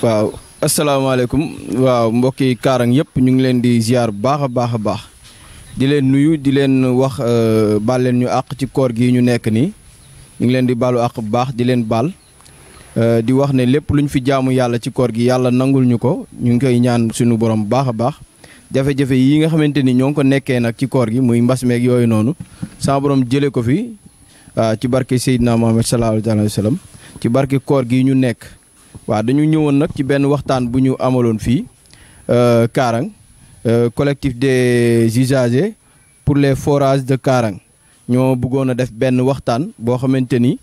waaw asalaamaaleykum waaw mbokki kaarang yëpp ñu ngi leen di ziar bu baax a baax a baax di leen nuyu di leen wax euh, baal leen ñu àq ci koor gi ñu nekk nii ñu ngi leen di baalu àq bu baax di leen baal euh, di wax ne lépp lu ñu fi jaamu yàlla ci koor gi yàlla nangul ñu ko ñu ngi koy ñaan suñu borom bu baax a baax jafe-jafe yi nga xamante ni ñoo ngi ko nekkee nag ci koor gi muy mbas meek yooyu noonu sama borom jëlee ko fi euh, ci barke Seydina Mohamed sallallahu alayhi wa sallam ci barki koor gi ñu nekk waaw dañu ñëwoon nag ci benn waxtaan bu ñu amaloon fii euh, Karang euh, collectif des usagers pour les forages de kaarang ñoo bëggoon a def benn waxtaan boo xamante ni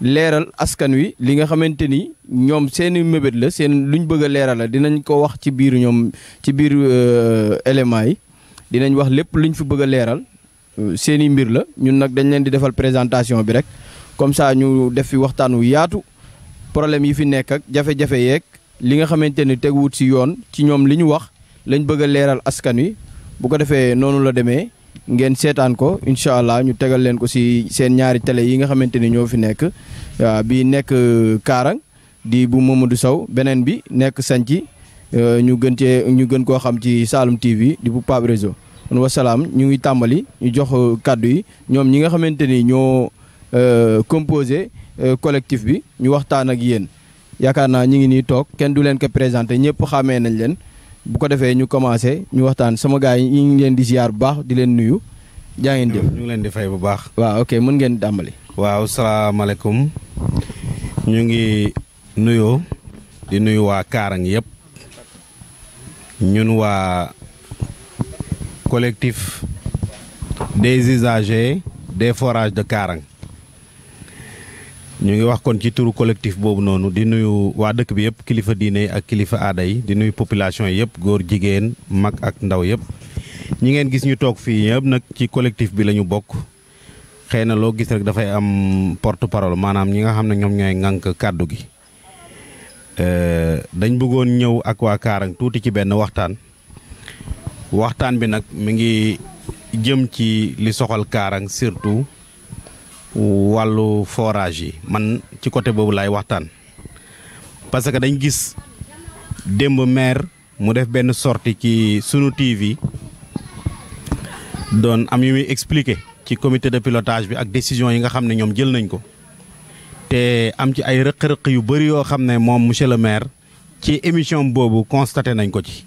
leeral askan wi li nga xamante ni ñoom seeni mébét la seen luñ bëgg a leeral la dinañ ko wax ci biir ñoom ci biir euh, éléments yi dinañ wax lépp luñ fi bëgg a leeral seeni mbir la ñun nag dañ leen di defal présentation bi rek comme saa ñu def fi waxtaan wu yaatu problème yi fi nekk ak jafe-jafe yeeg li nga xamante ni teguwut si yoon ci ñoom li ñu wax lañ bëgg a leeral askan wi bu ko defee noonu la demee ngeen seetaan ko incha allah ñu tegal leen ko si seen ñaari tele yi nga xamante ni ñoo fi nekk bi nekk euh, Kaarang di bu Mamadou Sow beneen bi nekk Santhi euh, ñu gën cee ñu gën koo xam ci Saloum TV di bu Pape Réseau kon wasalaam ñu ngi tàmbali ñu jox euh, kàddu yi ñoom ñi nga xamante ni ñoo. Euh, composé euh, collectif bi ñu waxtaan ak yéen yaakaar naa ñu ngi nii toog kenn du leen ko présenté ñëpp xàmmee nañ leen bu ko defee ñu commencé ñu waxtaan sama gars yi ñu ngi leen di ziar bu baax di leen nuyu. jaa ngeen ñu ngi leen di fay bu baax. waaw ok mën ngeen dàmbali. waaw salaamaaleykum ñu ngi nuyoo di nuyu waa Kaarang yëpp ñun waa collectif des usagers des forages de Kaarang. ñu ngi wax kon ci turu collectif boobu noonu di nuyu waa dëkk bi yëpp kilifa diine ak kilifa aada yi di nuyu population yëpp góor jigéen mag ak ndaw yëpp. ñi ngeen gis ñu toog fii yëpp nag ci collectif bi la ñu bokk xëy na loo gis rek dafay am porte parole maanaam ñi nga xam ne ñoom ñooy ŋànk kàddu gi. Euh, dañ bëggoon ñëw ak waa Kaarang tuuti ci benn waxtaan waxtaan bi nag mu ngi jëm ci li soxal Kaarang surtout. wàllu forage yi man ci côté boobu laay waxtaan parce que dañ gis démb maire mu def benn sortie ki sunu TV doon am yu muy expliqué ci comité de pilotage bi ak décision yi nga xam ne ñoom jël nañ ko te am ci ay rëq-rëq yu bëri yoo xam ne moom monsieur le maire ci émission boobu constaté nañ ko ci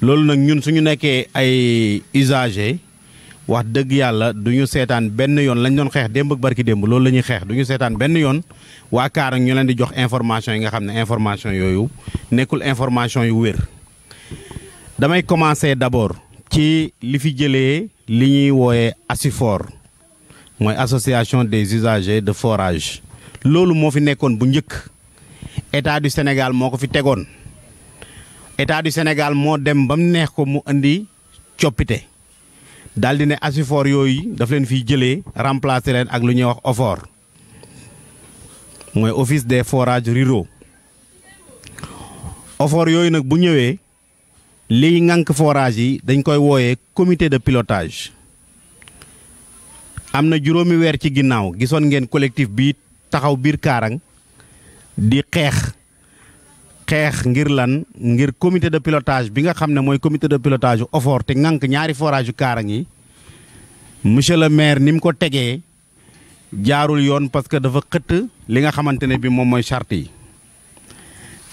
loolu nag ñun suñu nekkee ay usagers wax dëgg yàlla du ñu seetaan benn yoon lañ doon xeex démb ak barki démb loolu la ñuy xeex duñu seetaan benn yoon waa Kaarang ñu leen di jox information yi nga xam ne information yooyu nekkul information yu wér. damay commencer d'abord ci li fi jëlee li ñuy wooyee ASUFOR mooy association des usagers de forage loolu moo fi nekkoon bu njëkk état du Sénégal moo ko fi tegoon état du Sénégal moo dem ba neex ko mu indi coppite. daal di ne asifor yooyu daf leen fiy jëlee remplacer leen ak lu ñuy wax OFOR mooy office des forages ruraux OFOR yooyu nag bu ñëwee liy ŋànk forage yi dañ koy wooyee comité de pilotage am na juróomi weer ci ginnaaw gisoon ngeen collectif bi taxaw biir Kaarang di xeex xeex ngir lan ngir comité de pilotage bi nga xam ne mooy comité de pilotage yu OFOR te ŋànk ñaari forage yu Kaarang yi monsieur le maire ni mu ko tegee jaarul yoon parce que dafa xëtt li nga xamante ne bi moom mooy charte yi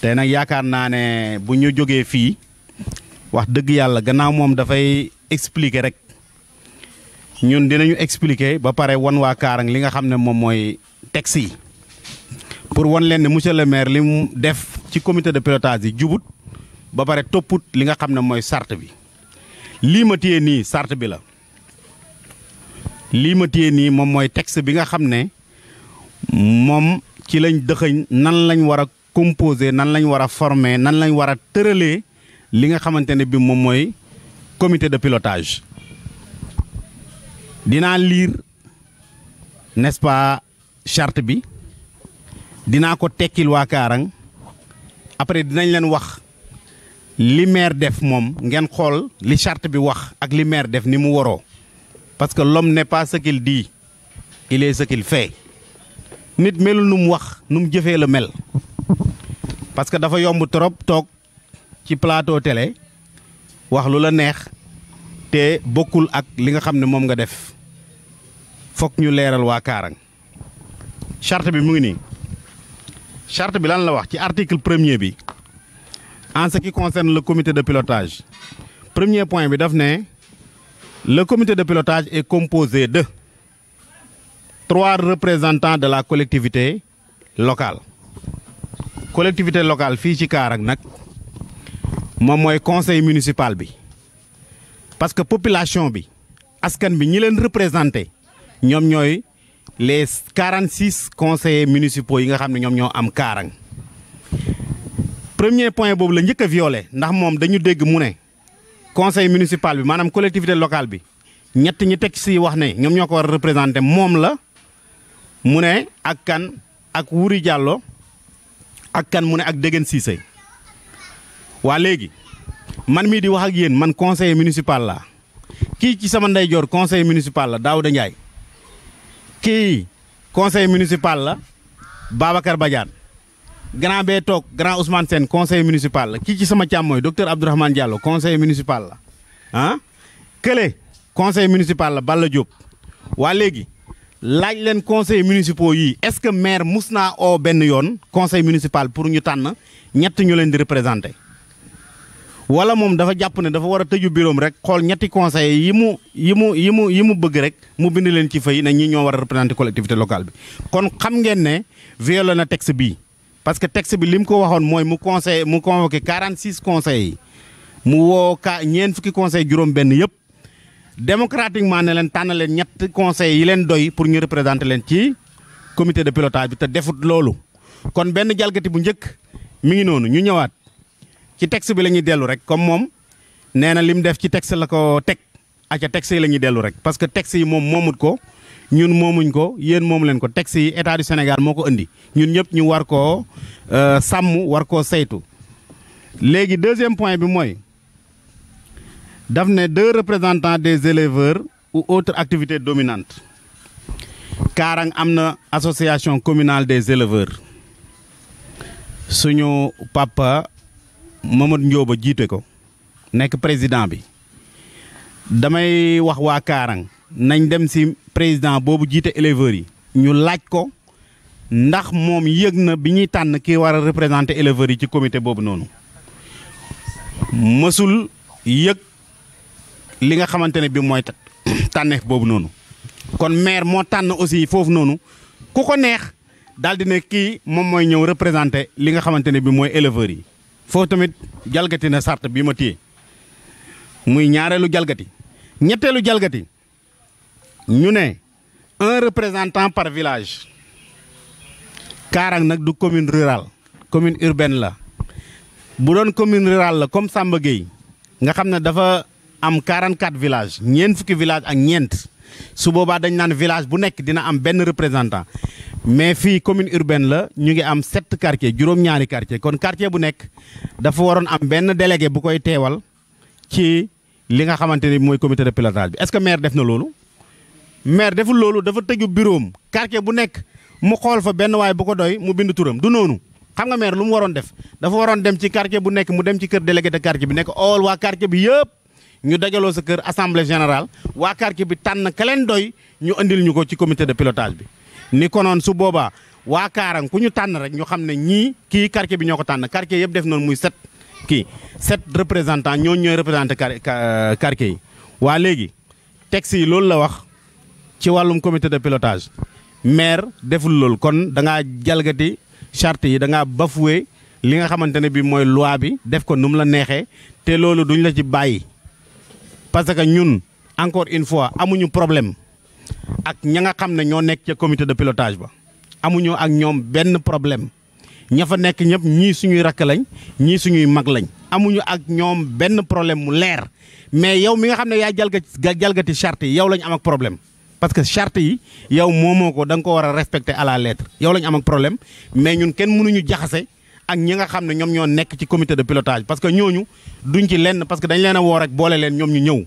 te nag yaakaar naa ne bu ñu jógee fii wax dëgg yàlla gannaaw moom dafay expliquer rek ñun dinañu expliquer ba pare wan waa Kaarang li nga xam ne moom mooy texte yi pour won leen ne monsieur le maire li mu def ci comité de pilotage yi jubut ba pare topput li nga xam ne mooy sart bi lii ma téye nii sart bi la lii ma téye nii moom mooy texte bi nga xam ne moom ci lañ dëxëñ nan lañ war a composer nan lañ war a former nan lañ war a tëralee li nga xamante ne bi moom mooy comité de pilotage dinaa liir n'est-ce pas charte bi dinaa ko tekkil waa Kaarang après dinañ leen wax li maire def moom ngeen xool li charte bi wax ak li maire def ni mu waroo parce que l'homme n'est pas ce qu'il dit il est nit melul nu mu wax nu mu jëfee la mel parce que dafa yomb trop toog ci plateau télé wax lu la neex te bokkul ak li nga xam ne moom nga def fokk ñu leeral waa Kaarang charte bi mu ngi nii charte bi lan la wax ci article premier bi en ce qui concerne le comité de pilotage premier point bi def ne le comité de pilotage est composé de trois représentants de la collectivité locale collectivité locale fii ci Kaar ak nag moom mooy conseil municipal bi parce que population bi askan bi ñi leen représenté ñoom ñooy les 46 conseillers municipaux yi nga xam ne ñoom ñoo am kaarang premier point boobu la njëkk a violé ndax moom dañu dégg mu ne conseil municipal bi maanaam collectivité locale bi ñett ñi teg si wax ne ñoom ñoo ko war a représenté moom la mu ne ak kan ak Wuri Diallo ak kan mu ne ak Dégène Cissé waa léegi man mii di wax ak yéen man conseiller municipal la kii ci sama ndeyjoor conseil municipal la Daouda Ndiaye kii conseil municipal la Babacar Badiane grand bee toog grand Ousmane Sène conseil municipal la kii ci sama càmmooy docteur Abdourahmane Diallo conseil municipal la ah kële conseil municipal la Balla Diop waa léegi laaj leen conseil municipaux yii est-ce que maire mus naa oo benn yoon conseil municipal pour ñu tànn ñett ñu leen di représenté wala moom dafa jàpp ne dafa war a tëju biroom rek xool ñetti conseillers yi mu yi mu yi mu yi mu bëgg rek mu bind leen ci fay ne ñii ñoo war a représenter collectivité locale bi. kon xam ngeen ne violé na texte bii parce que texte bi li mu ko waxoon mooy mu conseil mu convoqué 46 conseillers yi mu woo ka ñeen fukki conseil juróom-benn yëpp démocratiquement ne leen tànn leen ñett conseillers yi leen doy pour ñu représenter leen ci comité de pilotage bi te defut loolu kon benn jalgati bu njëkk mi ngi noonu ñu ñëwaat. ci texte bi lañuy dellu rek comme moom nee na li mu def ci texte la ko teg acca texte yi la ñuy dellu rek parce que texte yi moom moomut ko ñun moomuñ ko yéen moom leen ko texte yi état du Sénégal moo ko indi ñun ñëpp ñu war koo euh, sàmm war ko saytu léegi deuxième point bi mooy daf ne deux représentants des éleveurs ou autres activité dominantes Kaarang am na association communale des éleveurs suñu papa Mamadou Ndioba jiite ko nekk président bi damay wax waa Kaarang nañ dem si président boobu jiite éleveurs yi ñu laaj ko ndax moom yëg na bi ñuy tànn kii waral a représenter éleveurs yi ci comité boobu noonu mësul yëg li nga xamante ne bi mooy tànneef boobu noonu kon maire moo tànn aussi foofu noonu ku ko neex daal di ne kii moom mooy ñëw représenter li nga xamante ne bi mooy éleveurs yi foofu tamit jalgati na sart bi ma téye muy ñaareelu jalgati ñetteelu jalgati ñu ne un représentant par village Kaarang nag du commune rurale commune urbaine la bu doon commune rurale la comme Samba Gueye nga xam ne dafa am 44 villages ñeent fukki village ak ñeent su boobaa dañ naan village bu nekk dina am benn représentant mais fii commune urbaine la ñu ngi am sept quartier juróom-ñaari quartier kon quartier bu nekk dafa waroon am benn délégué bu koy teewal ci li nga xamante ni mooy comité de pilotage bi est-ce que maire def na loolu maire deful loolu dafa tëju bureau quartier bu nekk mu xool fa benn waay bu ko doy mu bind turam du noonu xam nga maire lu mu waroon def dafa waroon dem ci quartier bu nekk mu dem ci kër délégué de quartier bi nekk ool waa quartier bi yëpp ñu dajaloo sa kër assemblée générale waa quartier bi tànn ka leen doy ñu andil ñu ko ci comité de pilotage bi ni konoon su boobaa waa Kaarang ku ñu tànn rek ñu xam ne ñii kii quartier bi ñoo ko tànn quartier yëpp def noonu muy set kii set représentant ñooñu ñooy représenté euh, quartier yi. waa léegi texte yi loolu la wax ci wàllum comité de pilotage maire deful loolu kon da ngaa jalgati charte yi da ngaa bafoué li nga xamante ne bii mooy loi bi def ko nu mu la neexee te loolu duñ la ci bàyyi parce que ñun encore une fois amuñu problème. ak ña nga xam ne ñoo nekk ca comité de pilotage ba amuñoo ak ñoom benn problème ña fa nekk ñëpp ñii suñuy rakk lañ ñii suñuy mag lañ amuñu ak ñoom benn problème mu leer mais yow mi nga xam ne yaa jalgati jalgati charte yi yow lañ am ak problème parce que charte yi yow moomoo ko da nga ko war a respecter à la lettre yow lañ am ak problème mais ñun kenn mënuñu jaxase ak ñi nga xam ne ñoom ñoo nekk ci comité de pilotage parce que ñooñu duñ ci lenn parce que dañ leen a woo rek boole leen ñoom ñu ñëw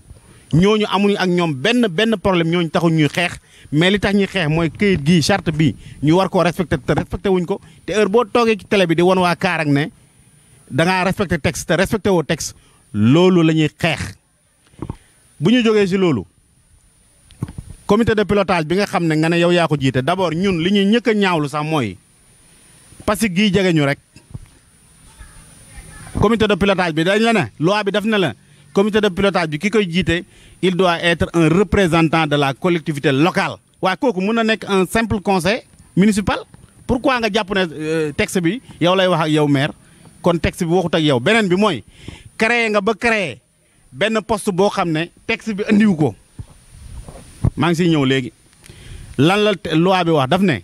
ñooñu amuñu ak ñoom benn benn problème ñooñu taxu ñuy xeex mais li tax ñuy xeex mooy këyit gi charte bi ñu war koo respecté te respecté wuñ ko te heure boo toogee ci tele bi di wan waa kaarak ne da ngaa respecté texte te respecté woo loolu la ñuy xeex. bu ñu jógee si loolu comité de pilotage bi nga xam ne nga ne yow yaa ko jiite d' abord ñun li ñuy ñëkk ñaawlu sax mooy parce que gii jege ñu rek comité de pilotage bi dañ la ne loi bi daf na la. comité de pilotage bi ki koy jiite il doit être un représentant de la collectivité locale waa kooku mën na nekk en un simple conseil municipal pourquoi nga jàpp ne euh, texte bi yow lay wax ak yow maire kon texte bi waxut ak yow beneen bi mooy créer nga ba créer benn post boo xam ne texte bi andiwu ko maa ngi siy ñëw léegi lan la loi bi wax daf ne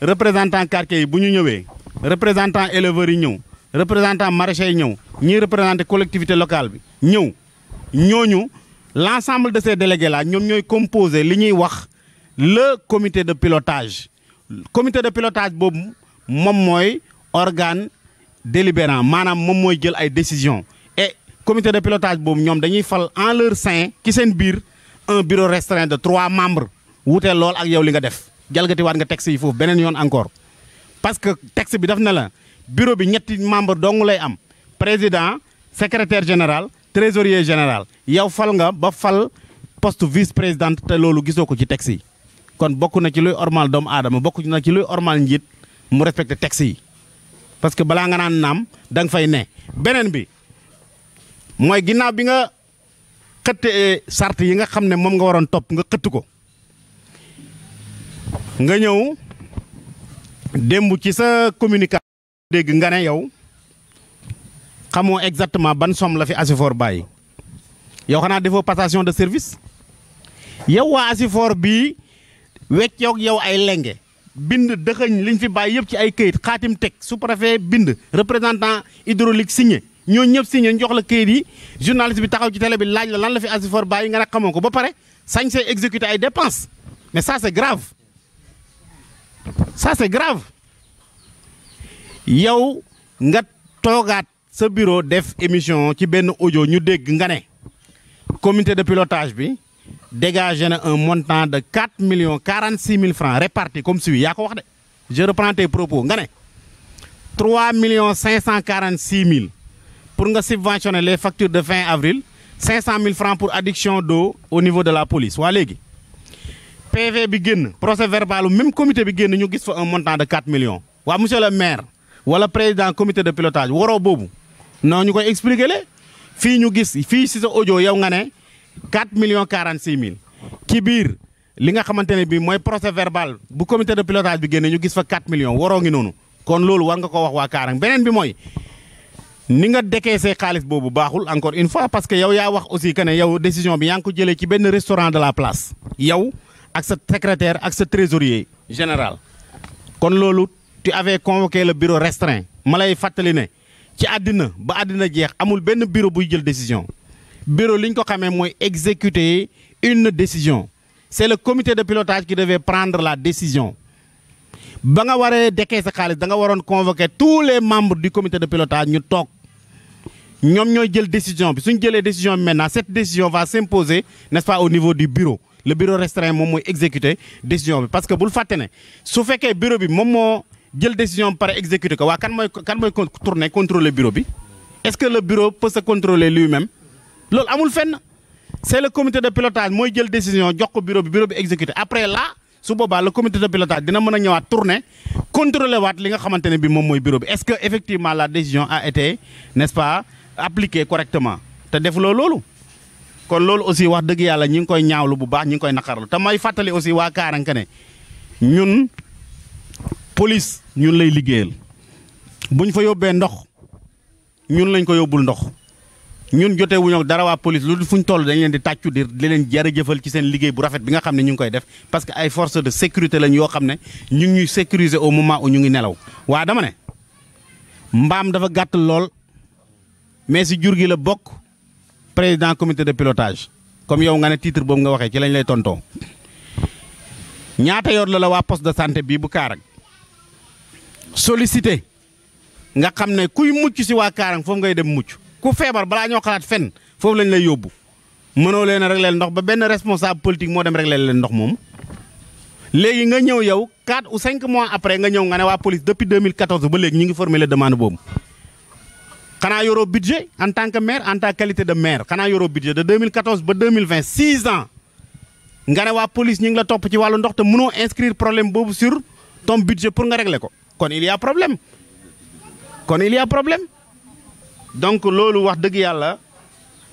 représentant quartier yi bu ñu ñëwee représentant éleveurs yi ñëw représentant maraîchers ñëw ñiy représenté collectivité locale bi ñëw ñooñu l' ensemble de ces délégués là ñoom ñooy composé li ñuy wax le comité de pilotage comité de pilotage boobu moom mooy organe délibérant maanaam moom mooy jël ay décision e comité de pilotage boobu ñoom dañuy fal en leur sein ci seen biir un bureau restreint de trois membres wuutee lool ak yow li nga def jalgati waat nga texte yi foofu beneen yoon encore parce que texte bi daf na la bureau bi ñetti membre dong lay am président secrétaire général trésorier général yow fal nga ba fal poste vice présidente te loolu gisoo ko ci texte yi kon bokk na ci luy ormal doomu aadama bokk na ci luy ormal njiit mu respecté texte yi parce que balaa nga naan naam da fay ne beneen bi mooy ginnaaw bi nga xëtte sart yi nga xam ne moom nga waroon topp nga xëtt ko nga ñëw démb ci sa communication dégg nga ne yow xamoo exactement ban som la fi Asifor bàyyi yow xanaa defoo passation de service yow waa Asifor bii weccoog yow ay lenge bind dëxëñ liñ fi bàyyi yëpp ci ay këyit xaatim teg sous-préfet bind représentant hydraulique signé ñooñ ñëpp signé ñu la këyit yi journaliste bi taxaw ci télé bi laaj la lan la fi Asifor bàyyi nga ne xamoo ko ba pare sañ see exécuter ay dépenses mais ça c'est grave ça c'est grave yow nga toogaat sa biro def émission ci benn audio ñu dégg nga ne comité de pilotage bi dégagé na un montant de quatre millions quarante six mille francs répartis comme suit yaa ko wax de je reprends propos nga ne trois millions cinq cent quarante six mille pour nga subventionner les factures de fin avril cinq cent mille francs pour adduction d'eau au niveau de la police waa léegi PV bi génn procès verbal même comité bi génn ñu gis fa un montant de quatre millions waa monsieur le maire wala président comité de pilotage woro boobu non ñu koy expliqué le fii ñu gis fii si sa audio yow nga ne 4 millions 46 mille ci biir li nga xamante ne bii mooy procès verbal bu comité de pilotage bi génne ñu gis fa 4 millions waroo ngi noonu kon loolu war nga ko wax waa Kaarang beneen bi mooy ni nga décaissé xaalis boobu baaxul encore une fois parce que yow yaa wax aussi que ne yow décision bi yaa ngi ko jëlee ci benn restaurant de la place yow ak sa secrétaire ak sa trésorier général tu avais convoqué le bureau restreint ma lay fàttali ne ci addina ba addina jeex amul benn bureau buy jël décision bureau li ñu ko xamee mooy exécuter une décision c' est le comité de pilotage qui devait prendre la décision ba nga waree dekkee sa xaalis da nga waroon convoquer tous les membres du comité de pilotage ñu toog ñoom ñooy jël décision bi suñ jëlee décision bi maintenant cette décision va s'imposer n'est-ce pas au niveau du bureau le bureau restreint moom mooy exécuter décision bi jël décision pare exécuter ko waa kan mooy kan mooy tourner contrôler bureau bi est-ce que le bureau peut se contrôler lui-même loolu amul fenn c'est le comité de pilotage mooy jël décision jox ko bureau bi bureau bi exécuter après la su boobaa le comité de pilotage dina mën a ñëwaat tourner contrôler waat li nga xamante ne bi moom mooy bureau bi est-ce que effectivement la décision a été n'est-ce pas appliquée correctement te defuloo loolu kon loolu aussi wax dëgg yàlla ñi ngi koy ñaawlu bu baax ñi ngi koy naqarlu te may fàttali aussi waa Kaaranka ne police ñun lay liggéeyal buñ fa yóbbee ndox ñun lañ ko yóbbul ndox ñun jotee wuñu ak dara waa police lu fuñ toll dañ leen di tàccu di di leen jërëjëfal ci seen liggéey bu rafet bi nga xam ne ñu koy def parce que ay forces de sécurité lañ yoo xam ne ñu ngi ñuy sécuriser au moment où ñu ngi nelaw waa dama ne mbaam dafa gàtt lool mais si jur gi la bokk président comité de pilotage comme yow nga ne titre boobu nga waxee ci lañ lay tontoo ñaata yoon la la waa poste de santé bii bu Kaarang sollicité nga xam ne kuy mucc si waa Kaarang foofu ngay dem mucc ku feebar balaa ñoo xalaat fen foofu lañ lay yóbbu mënoo leen a régleel ndox ba benn responsable politique moo dem régleel leen ndox moomu. léegi nga ñëw yow 4 ou 5 mois après nga ñëw nga ne waa police depuis 2014 ba léegi ñu ngi formuler demande boobu. xanaa yoroo budget en tant que maire en tant que qualité de maire xanaa yoroo budget de 2014 ba 2020 nga ne waa police ñu ngi la topp ci wàllu ndox te mënoo inscrire problème boobu sur ton budget pour nga régler ko. kon il y problème kon il y a problème donc loolu wax dëgg yàlla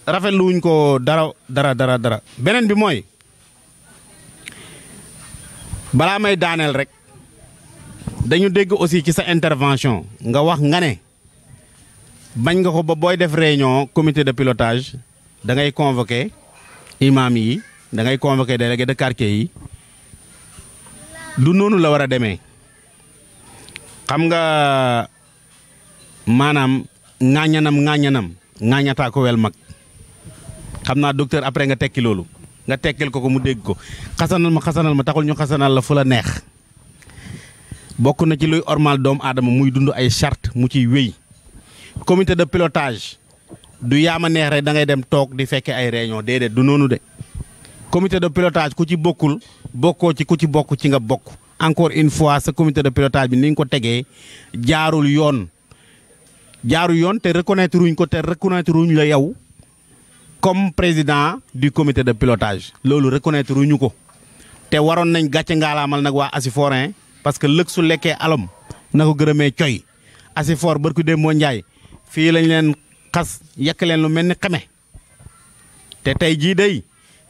rafetlu wuñ ko dara dara dara dara beneen bi mooy balaa may daaneel rek dañu dégg aussi ci sa intervention nga wax nga ne bañ nga ko ba booy def réunion comité de pilotage dangay ngay convoqué yi da ngay convoqué délégué de quartier yi du noonu la war a demee xam nga maanaam ŋaañanam ŋaañanam ŋaañataa ko wel mag xam naa docteur après nga tekki loolu nga tekkil ko ko mu dégg ko xasanal ma xasanal ma taxul ñu xasanal la fu la neex bokk na ci luy ormal doomu aadama muy dund ay charte mu ci wéy comité de pilotage du yaama neex rek dangay dem toog di fekkee ay réunion déedéet du noonu de comité de pilotage ku ci bokkul bokkoo ci ku ci bokk ci nga bokk encore une fois sa comité de pilotage bi ni ñu ko tegee jaarul yoon jaarul yoon te reconnaître wuñ ko te reconnaître wuñ la yow comme président di comité de pilotage loolu reconnaître wuñu ko te waroon nañ gàcce ngaalaamal nag waa Asiforin parce que lëg su lekkee alom na ko gërëmee coy Asifor barku dee moo njaay fii lañ leen xas yekk leen lu mel ni xeme te tey jii day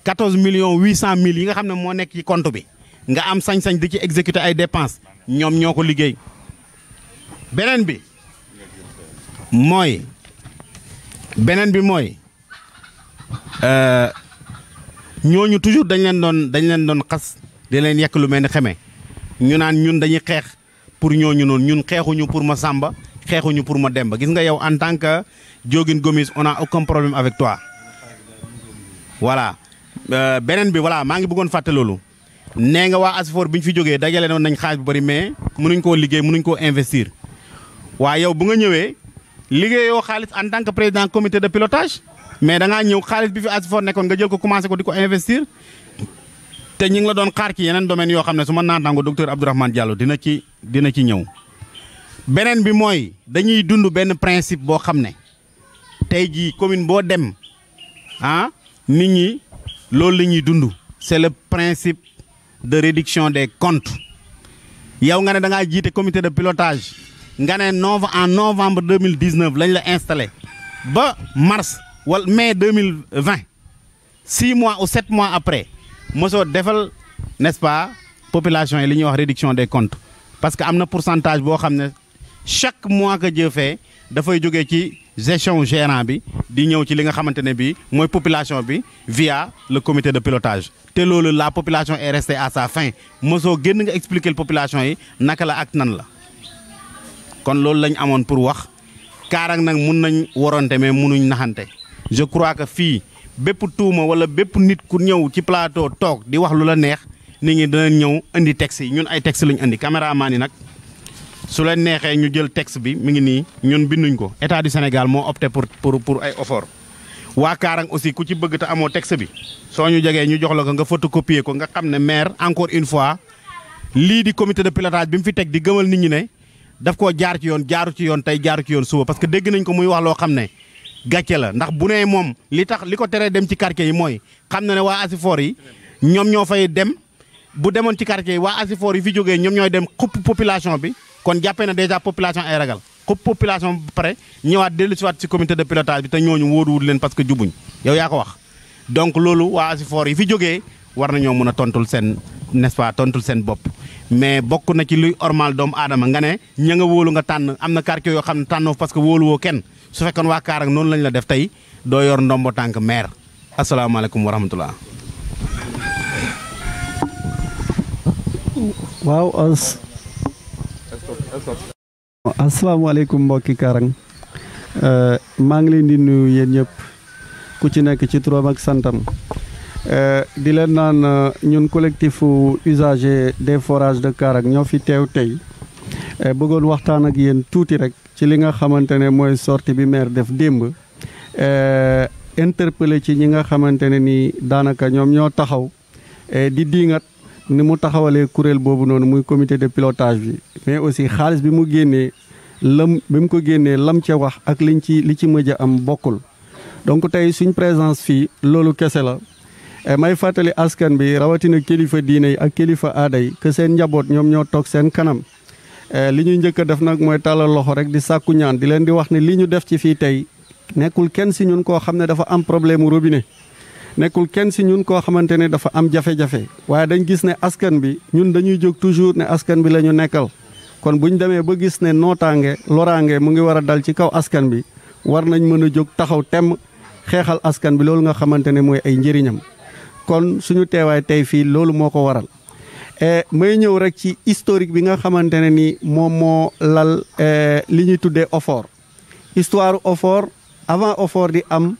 14 millions 800 mille yi nga xam ne moo nekk ci compte bi nga am sañ-sañ di ci exécuter ay dépenses ñoom ñoo ko liggéey beneen bi mooy beneen bi mooy euh, ñooñu toujours dañ leen doon dañ leen doon xas di leen yekk lu mel ni xeme ñu naan ñun dañuy xeex pour ñooñu noonu ñun xeexuñu pour ma sàmba xeexuñu pour ma demba gis nga yow en tant que Diogane Gomis on a aucun problème avec toi voilà euh, beneen bi voilà maa ngi bëggoon fàtte loolu nee nga waa Asfor bi ñu fi jógee dajale noon nañ xaalis bu bari mais mënuñ koo liggéey mënuñ koo investir waaye yow bu nga ñëwee liggéeyoo xaalis en tant que président comité de pilotage mais da ñëw xaalis bi fi Asfor nekkoon nga jël ko commencé ko di ko investir. te ñu ngi la doon xaar ci yeneen domaines yoo xam ne su ma naataango docteur Abdourahmane Diallo dina ci dina ci ñëw beneen bi mooy dañuy dund benn principe boo xam ne tey jii commune boo dem ah nit ñi loolu la ñuy dund c'est le principe. de réduction des comptes yow nga ne dangaa jiite comité de pilotage nga ne nove en novembre deux mille dix neuf lañ la installé ba mars wal mais deux mille vingt six mois ou sept mois après mosoo defal n'est-ce population yi li ñuy wax réduction des comptes parce que am na pourcentage boo xam ne chaque mois que Dieu fait dafay jóge ci gestion gérant bi di ñëw ci li nga xamante ne bii mooy population bi via le comité de pilotage te loolu la population est restée à sa fin mosoo génn nga expliquer population yi naka la ak nan la kon loolu lañ amoon pour wax Kaarang nag mun nañ waronte mais munuñ naxante je crois que fii bépp tuuma wala bépp nit ku ñëw ci plateau toog di wax lu la neex nit ñi dinañ ñëw indi texte yi ñun ay texte lañ indi caméraman yi nag su leen neexee ñu jël texte bi mu ngi nii ñun bi binduñ ko état du Sénégal moo opté pour pour pour ay offre waa Kaarang aussi ku ci bëgg te amoo texte bi soo ñu jegee ñu jox la ko nga photocopier ko nga xam ne maire encore une fois lii di comité de pilotage bi mu fi teg di gëmal nit ñi ne daf koo jaar ci yoon jaaru ci yoon tey jaaru ci yoon suba parce que dégg nañ ko muy wax loo xam ne gàcce la ndax bu nee moom li tax li ko teree dem ci quartier yi mooy xam na ne waa asifor yi ñoom ñoo fay dem bu demoon ci quartier yi waa asifor yi fi jógee ñoom ñooy dem xupp population bi kon jàppee na dèjà population ay ragal ko population ba pare ñëwaat dellu siwaat si comité de pilotage bi te ñooñu wóoruwul leen parce que jubuñ yow yaa ko wax donc loolu waa ASUFOR yi fi jógee war nañoo mën a tontul seen n'est-ce tontul seen bopp mais bokk na ci luy ormal doomu aadama nga ne ña nga wóolu nga tànn am na quartier yoo xam ne tànnoo parce que wóolu woo kenn su fekkoon waa Kaar ak noonu lañ la def tey doo yor ndombo tànk maire asalaamaaleykum wa rahmatullah waaw asalaamaaleykum mbokki Karang euh, maa ngi leen di nuyu yéen ñëpp ku ci nekk ci turam ak santam euh, di leen naan euh, ñun collectif usager des forages de Karang ñoo fi teew tey bëggoon waxtaan ak yéen tuuti rek ci li nga xamante ne mooy sorti bi maire def démb interpellé ci ñi nga xamante ne ni daanaka ñoom ñoo taxaw di diingat ni mu taxawalee kuréel boobu noonu muy comité de pilotage bi mais aussi xaalis bi mu génnee lam bi mu ko génnee lam ca wax ak liñ ci li ci mëj a am bokkul donc tey suñ présence fii loolu kese la may fàttali askan bi rawatina kilifa diine yi ak kilifa aada yi que seen njaboot ñoom ñoo toog seen kanam li ñuy njëkk a def nag mooy tàllal loxo rek di sàkku ñaan di leen di wax ne li ñu def ci fii tey nekkul kenn si ñun koo xam ne dafa am problème mu robinet nekkul kenn si ñun koo xamante ne dafa am jafe-jafe waaye dañ gis ne askan bi ñun dañuy jóg toujours ne askan bi lañu ñu nekkal kon bu ñu demee ba gis ne nootaange loraange mu ngi war a dal ci kaw askan bi war nañ mën a jóg taxaw temm xeexal askan bi loolu nga xamante ne mooy ay njëriñam kon suñu teewaay tey fii loolu moo ko waral e, may ñëw rek ci historique bi nga xamante ne ni moom moo lal e, li ñuy tuddee OFOR histoire OFOR avant OFOR di am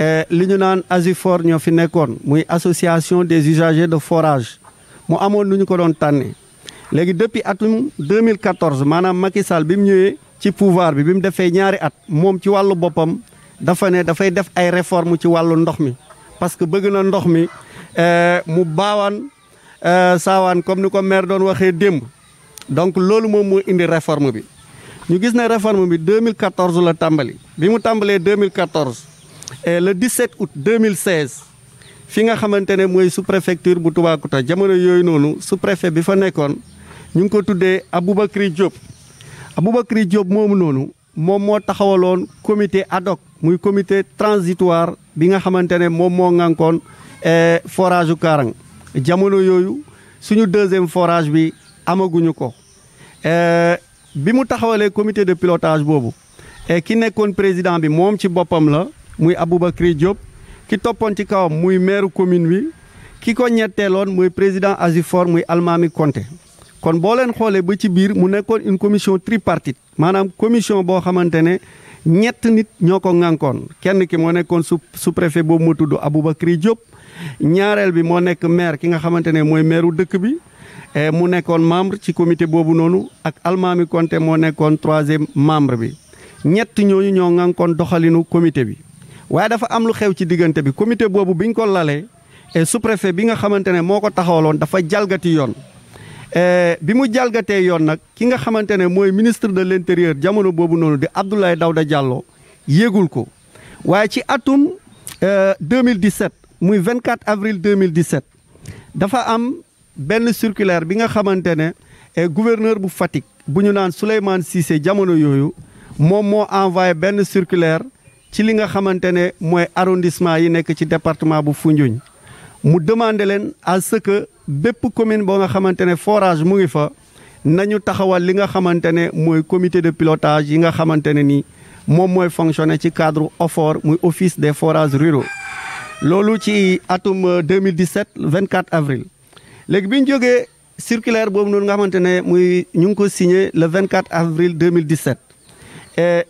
Eh, li ñu naan ASUFOR ñoo fi nekkoon muy association des usagers de forage mu amoon nu ñu ko doon tànnee léegi depuis atum 2014 maanaam Macky Sall bi mu ñëwee ci pouvoir bi bi mu defee ñaari at moom ci wàllu boppam dafa ne dafay def ay réforme ci wàllu ndox mi parce que bëgg na ndox mi eh, mu baawaan eh, saawaan comme ni ko maire doon waxee démb donc loolu moom moo indi réforme bi ñu gis ne réforme bi 2014 la tàmbali bi mu tàmbalee 2014 et le 17 août 2016 fi nga xamante ne mooy bu Toubacouta jamono yooyu noonu sous-préfet bi fa nekkoon ñu ngi ko tuddee Aboubacry Diop Aboubacry Diop moomu noonu moom moo taxawaloon comité ad hoc muy comité transitoire bi nga xamante ne moom moo ŋànkoon eh, forage u Karang jamono yooyu suñu deuxième forage bi amaguñu ko eh, bi mu taxawalee comité de pilotage boobu eh, ki nekkoon président bi moom ci boppam la muy Aboubacry Diop ki toppoon ci kawam muy maire commune bi ki ko ñetteeloon muy président Asifor muy Almami Konté kon boo leen xoolee ba ci biir mu nekkoon une commission tripartite maanaam commission boo xamante ne ñett nit ñoo ko ŋànkoon kenn ki moo nekkoon su sous préfet boobu ma tudd Aboubacry Diop ñaareel bi moo nekk maire ki nga xamante ne mooy maireu dëkk bi e mu nekkoon membre ci comité boobu noonu ak Almami Konté moo nekkoon troisième membre bi ñett ñooñu ñoo ŋànkoon doxalinu comité bi waaye dafa am lu xew ci diggante bi comité boobu biñ ko lalee eh, sous-préfet bi nga xamante ne moo ko taxawaloon dafa jalgati yoon. Eh, bi mu jalgatee yoon nag ki nga xamante ne mooy ministre de l'intérieur jamono boobu noonu di Abdoulaye Daouda Diallo yéegul ko waaye ci atum 2017 eh, muy 24 avril 2017 dafa am benn circulaire bi nga xamante ne gouverneur bu Fatick bu ñu naan Souleymane Cissé jamono yooyu moom moo envoyé benn circulaire ci li nga xamante ne mooy arrondissement yi nekk ci département bu Foundiougne mu demandé leen à ce bépp commune boo nga xamante ne forage mu ngi fa nañu taxawal li nga xamante ne mooy comité de pilotage yi nga xamante ne nii moom mooy fonctionner ci cadre OFOR muy office des forages ruraux loolu ci i atum 2017 euh, 24 avril léegi bi ñu jógee circulaire boobu noonu nga xamante ne muy ñu ngi ko signé le 24 avril 2017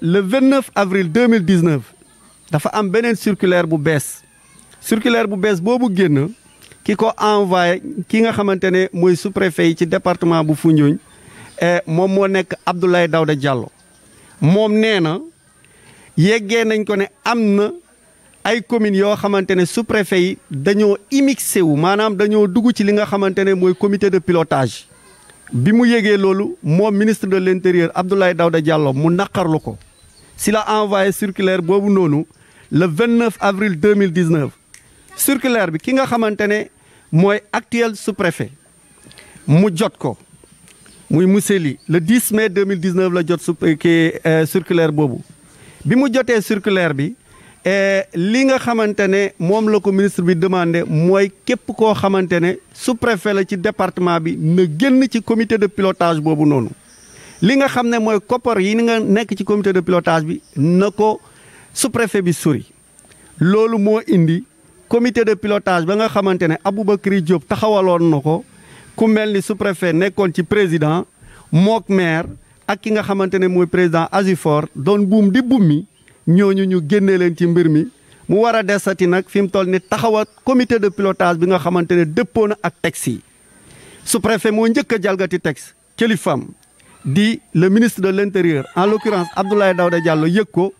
le 29 avril 2019 dafa am beneen circulaire bu bees circulaire bu bees boobu génn ki ko envoyé ki nga xamante ne mooy sous-préfet yi ci département bu e moom moo nekk Abdoulaye Daouda Diallo moom nee na yeggee nañ ko ne am na ay communes yoo xamante ne sous-préfet yi dañoo immixé wu maanaam dañoo dugg ci li nga xamante ne mooy comité de pilotage bi mu yégee loolu moom ministre de l' intérieur Abdoulaye jàllo Diallo mu naqarlu ko si la envoyé circulaire boobu noonu le 29 avril 2019 circulaire bi ki nga xamante ne mooy actuel sous-préfet mu jot ko muy monsieur Ly le 10 mai 2019 la jot su kii euh, circulaire boobu bi mu jotee circulaire bi. Eh, li nga xamante ne moom la ko ministre bi demandé mooy képp koo xamante ne sous-préfet la ci département bi na génn ci comité de pilotage boobu noonu li nga xam ne mooy koppar yi ni nga nekk ci comité de pilotage bi na ko sous-préfet bi sori loolu moo indi comité de pilotage ba nga xamante ne Aboubacry Diop taxawaloon na ko ku ni sous-préfet nekkoon ci président mook maire ak ki nga xamante ne mooy président Asifor doon buum di bummi ñooñu ñu génne leen ci mbir mi mu war a desati nag fi mu toll ni taxawa comité de pilotage bi nga xamante ne dëppoo na ak texte yi sous-préfet moo njëkka jalgati texte kilifaam di le ministre de l'intérieur en l'occurrence Abdoulaye Daouda Diallo yëg ko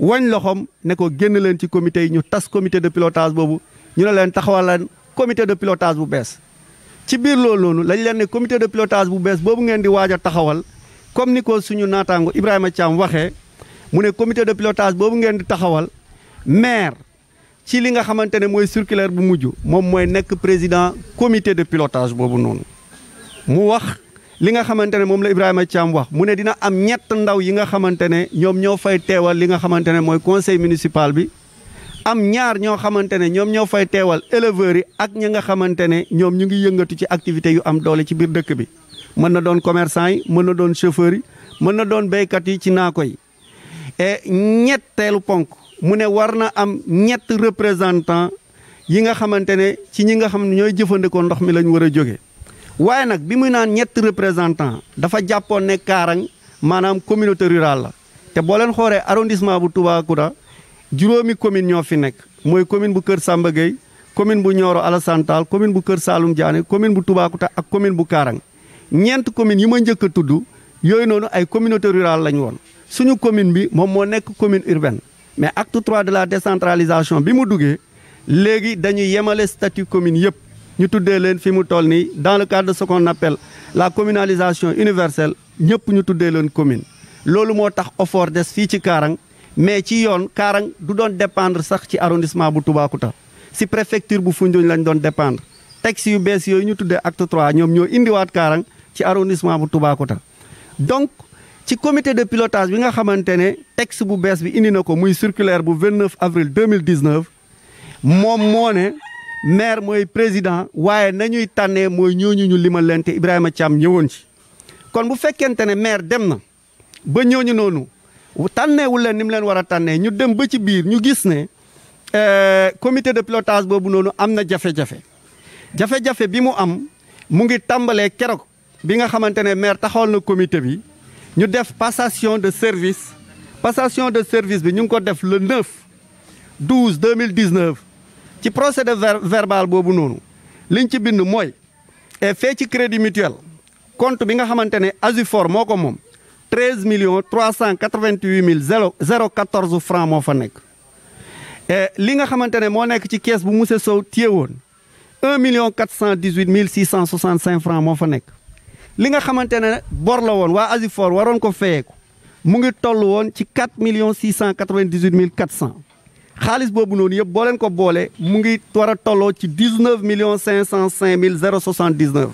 wañ loxoom ne ko génn leen ci comité yi ñu tas comité de pilotage boobu ñu ne leen taxawal leen comité de pilotage bu bees ci biir loolu noonu lañ leen ne comité de pilotage bu bees boobu ngeen di waaj a taxawal comme ni ko suñu naataango Ibrahima Thiam waxee mu ne comité de pilotage boobu ngeen di taxawal maire ci li nga xamante ne mooy circulaire bu mujj moom mooy nekk président comité de pilotage boobu noonu mu wax li nga xamante ne moom la Ibrahima Thiam wax mu ne dina am ñett ndaw yi nga xamante ne ñoom ñoo fay teewal li nga xamante ne mooy conseil municipal bi am ñaar ñoo xamante ne ñoom ñoo fay teewal éleveurs yi ak ñi nga xamante ne ñoom ñu ngi yëngatu ci activité yu am doole ci biir dëkk bi mën na doon commerçant yi mën na doon chauffeurs yi mën na doon béykat yi ci naako yi e ñetteelu ponk mu ne war na am ñett représentant yi nga xamante ne ci ñi nga xam ne ñooy jëfandikoo ndox mi lañ war a jóge waaye nag bi muy naan ñett représentant dafa jàppoon ne Kaarang maanaam communauté rurale la te boo leen xoolee arrondissement bu Toubacouta juróomi commune ñoo fi nekk mooy commune bu Kër Samba Gueye commune bu Nioro Alassane Tall commune bu Kër Saalum Diané commune bu Toubacouta ak commune bu Kaarang ñeent commune yi ma njëkk a tudd yooyu noonu ay communauté rurale lañ woon suñu commune bi moom moo nekk commune urbaine mais acte trois de la décentralisation bi mu duggee léegi dañuy yemale statu commune yëpp ñu tuddee leen fi mu toll nii dans le cadre de ce qu'on appelle la communalisation universelle ñëpp ñu tuddee leen commune loolu moo tax effort des fii ci Kaarang mais ci yoon Kaarang du doon dépendre sax ci arrondissement bu Toubacouta si préfecture bu Foundiougne lañ doon dépendre teg yu bees yooyu ñu tuddee acte trois ñoom ñoo indiwaat Kaarang ci arrondissement bu Toubacouta ci comité de pilotage bi nga xamante ne texte bu bees bi indi na ko muy circulaire bu 29 avril 2019 moom moo ne mooy président waaye nañuy tànnee mooy ñooñu ñu limal leen te Ibrahima Thiam ñëwoon ci. kon bu fekkente ne maire dem na ba ñooñu noonu tànneewul leen ni mu leen war a tànnee ñu dem ba ci biir ñu gis ne euh, comité de pilotage boobu noonu am na jafe-jafe jafe-jafe bi mu am mu ngi tàmbalee keroog bi nga xamante ne maire taxawal na comité bi. ñu def passation de service passation de service bi ñu ngi ko def le 9 12 2019 ci procédé verbal boobu noonu liñ ci bind mooy et fee ci crédit mutuel compte bi nga xamante ne Azufor moo ko moom 13 millions 388 mille 014 francs moo fa nekk. et li nga xamante ne moo nekk ci kees bu monsieur Sow téye woon 1 million 418 mille 665 francs moo fa nekk. li nga xamante ne boor la woon waa Asifor waroon ko fayeeku mu ngi toll woon ci 4 millions 698 mille 400 xaalis boobu noonu yëpp boo leen ko boole mu ngi war a tolloo ci 19 millions 505 mille 079.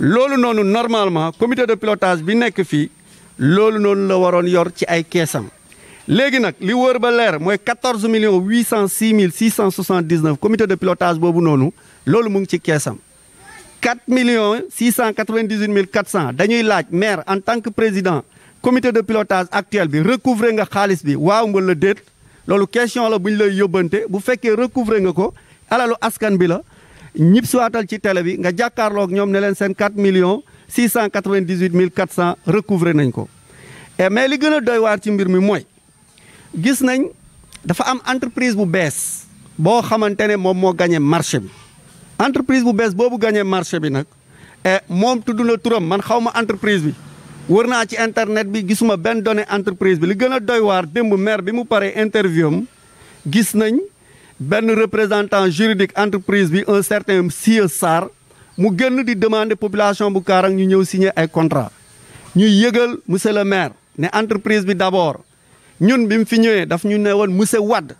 loolu noonu normalement comité de pilotage bi nekk fii loolu noonu la waroon yor ci ay keesam léegi nag li wóor ba leer mooy 14 millions 806 mille 679 comité de pilotage boobu noonu loolu mu ngi ci keesam. 4 millions 698 mille 400 dañuy laaj maire en tant que président comité de pilotage actuel bi recouvrer nga xaalis bi waaw nga la déet loolu question la bu ñu lay yóbbante bu fekkee recouvrer nga ko alalu askan bi la ñib siwaatal ci télé bi nga jàkkaarloog ñoom ne leen seen 4 millions 698 mille 400 recouvrer nañ ko et eh, mais li gën a doy waar ci mbir mi mooy gis nañ dafa am entreprise bu bees boo xamante ne moom moo gagné marché bi entreprise bu bees boobu gagné marché bi nag e moom tudd na turam man xaw ma entreprise bi wër naa ci internet bi gisuma benn donnée entreprise bi li gën a doy waar démb maire bi mu paree interview gis nañ benn représentant juridique entreprise bi un certain Sieux Sarr mu gënn di demander population bu Kaarang ñu ñëw signer ay contrat ñuy yëgal monsieur le maire ne entreprise bi d'abord ñun bi mu fi ñëwee daf ñu ne woon monsieur Wade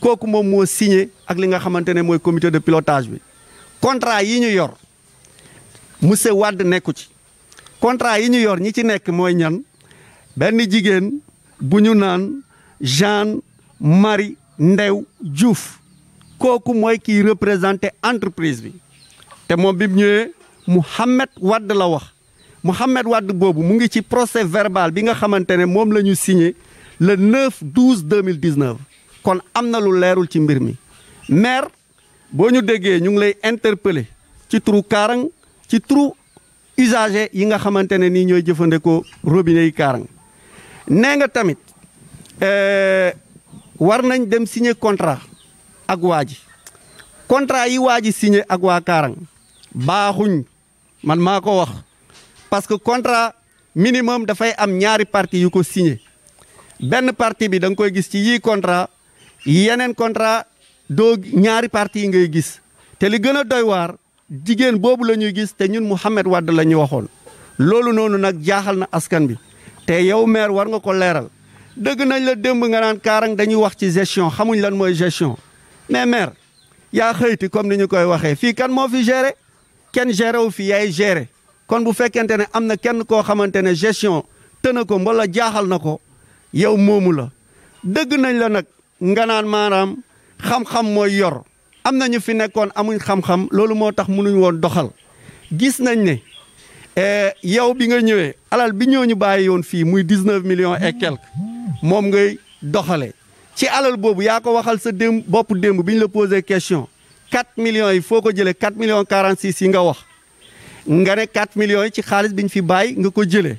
kooku moom moo signé ak li nga xamante ne mooy comité de pilotage bi contrat yi ñu yor monsieur Wade nekku ci contrat yi ñu yor ñi ci nekk mooy ñan benn jigéen bu ñu naan Jeanne Marie Ndew Diouf kooku mooy kii représenté entreprise bi te moom bi mu ñëwee Mouhamed Wade la wax Mouhamed Wade boobu mu ngi ci procès verbal bi nga xamante ne moom la ñu signé le 9 12 2019 kon am na lu leerul ci mbir mi maire boo ñu déggee ñu ngi lay interpeller ci turu Kaarang ci trou usager yi nga xamante ne nii ñooy jëfandikoo robinet yi Kaarang nee nga tamit euh, war nañ dem signer contrat ak waa ji contrat yi waa ji signé ak waa Kaarang baaxuñ man maa ko wax parce que contrat minimum dafay am ñaari parti yu ko signé benn parti bi da nga koy gis ci yii contrat yeneen contrat doo ñaari parti yi ngay gis te li gën a doywaar jigéen boobu la ñuy gis te ñun Mouhamed Wade lañuy waxoon loolu noonu nag jaaxal na askan bi te yow maire war nga ko leeral dëgg nañ la démb nga naan kaarang dañuy wax ci gestion xamuñ lan mooy gestion mais maire yaa xëyti comme ni ñu koy waxee fii kan moo fi gere kenn géré wu fi yaay gere kon bu fekkente ne am na kenn koo xamante ne gestion tëna ko mbala jaaxal na ko yow moomu la dëgg nañ la nag nga xam-xam mooy yor am na ñu fi nekkoon amuñ xam-xam loolu moo tax mënuñ woon doxal gis nañ ne eh, yow bi nga ñëwee alal bi ñoo ñu bàyyi yoon fii muy dix-neuf millions et moom ngay doxale ci alal boobu yaa ko waxal sa démb bopp démb bi ñu la posé question quatre millions yi foo ko jëlee quatre millions quarante six yi nga wax nga ne quatre millions yi ci xaalis bi ñu fi bàyyi nga ko jëlee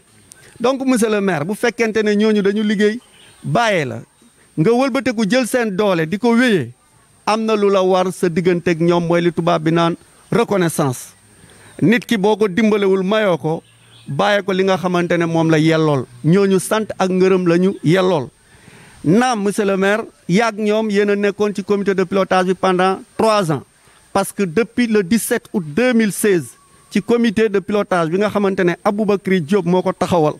donc monsieur le maire bu fekkente ne ñooñu dañu liggéey bàyyee la nga wëlbateku jël seen doole di ko wéyee am na lu la war sa digganteeg ñoom mooy li tubaab bi naan reconnaissance nit ki boo ko dimbalewul mayoo ko bàyyi ko li nga xamante ne moom la yellool ñooñu sant ak ngërëm la ñu yellool naam monsieur le maire yaag ñoom yéen a nekkoon ci comité de pilotage bi pendant trois an parce que depuis le 17 août 2016 ci comité de pilotage bi nga xamante ne Aboubacry Diop moo ko taxawal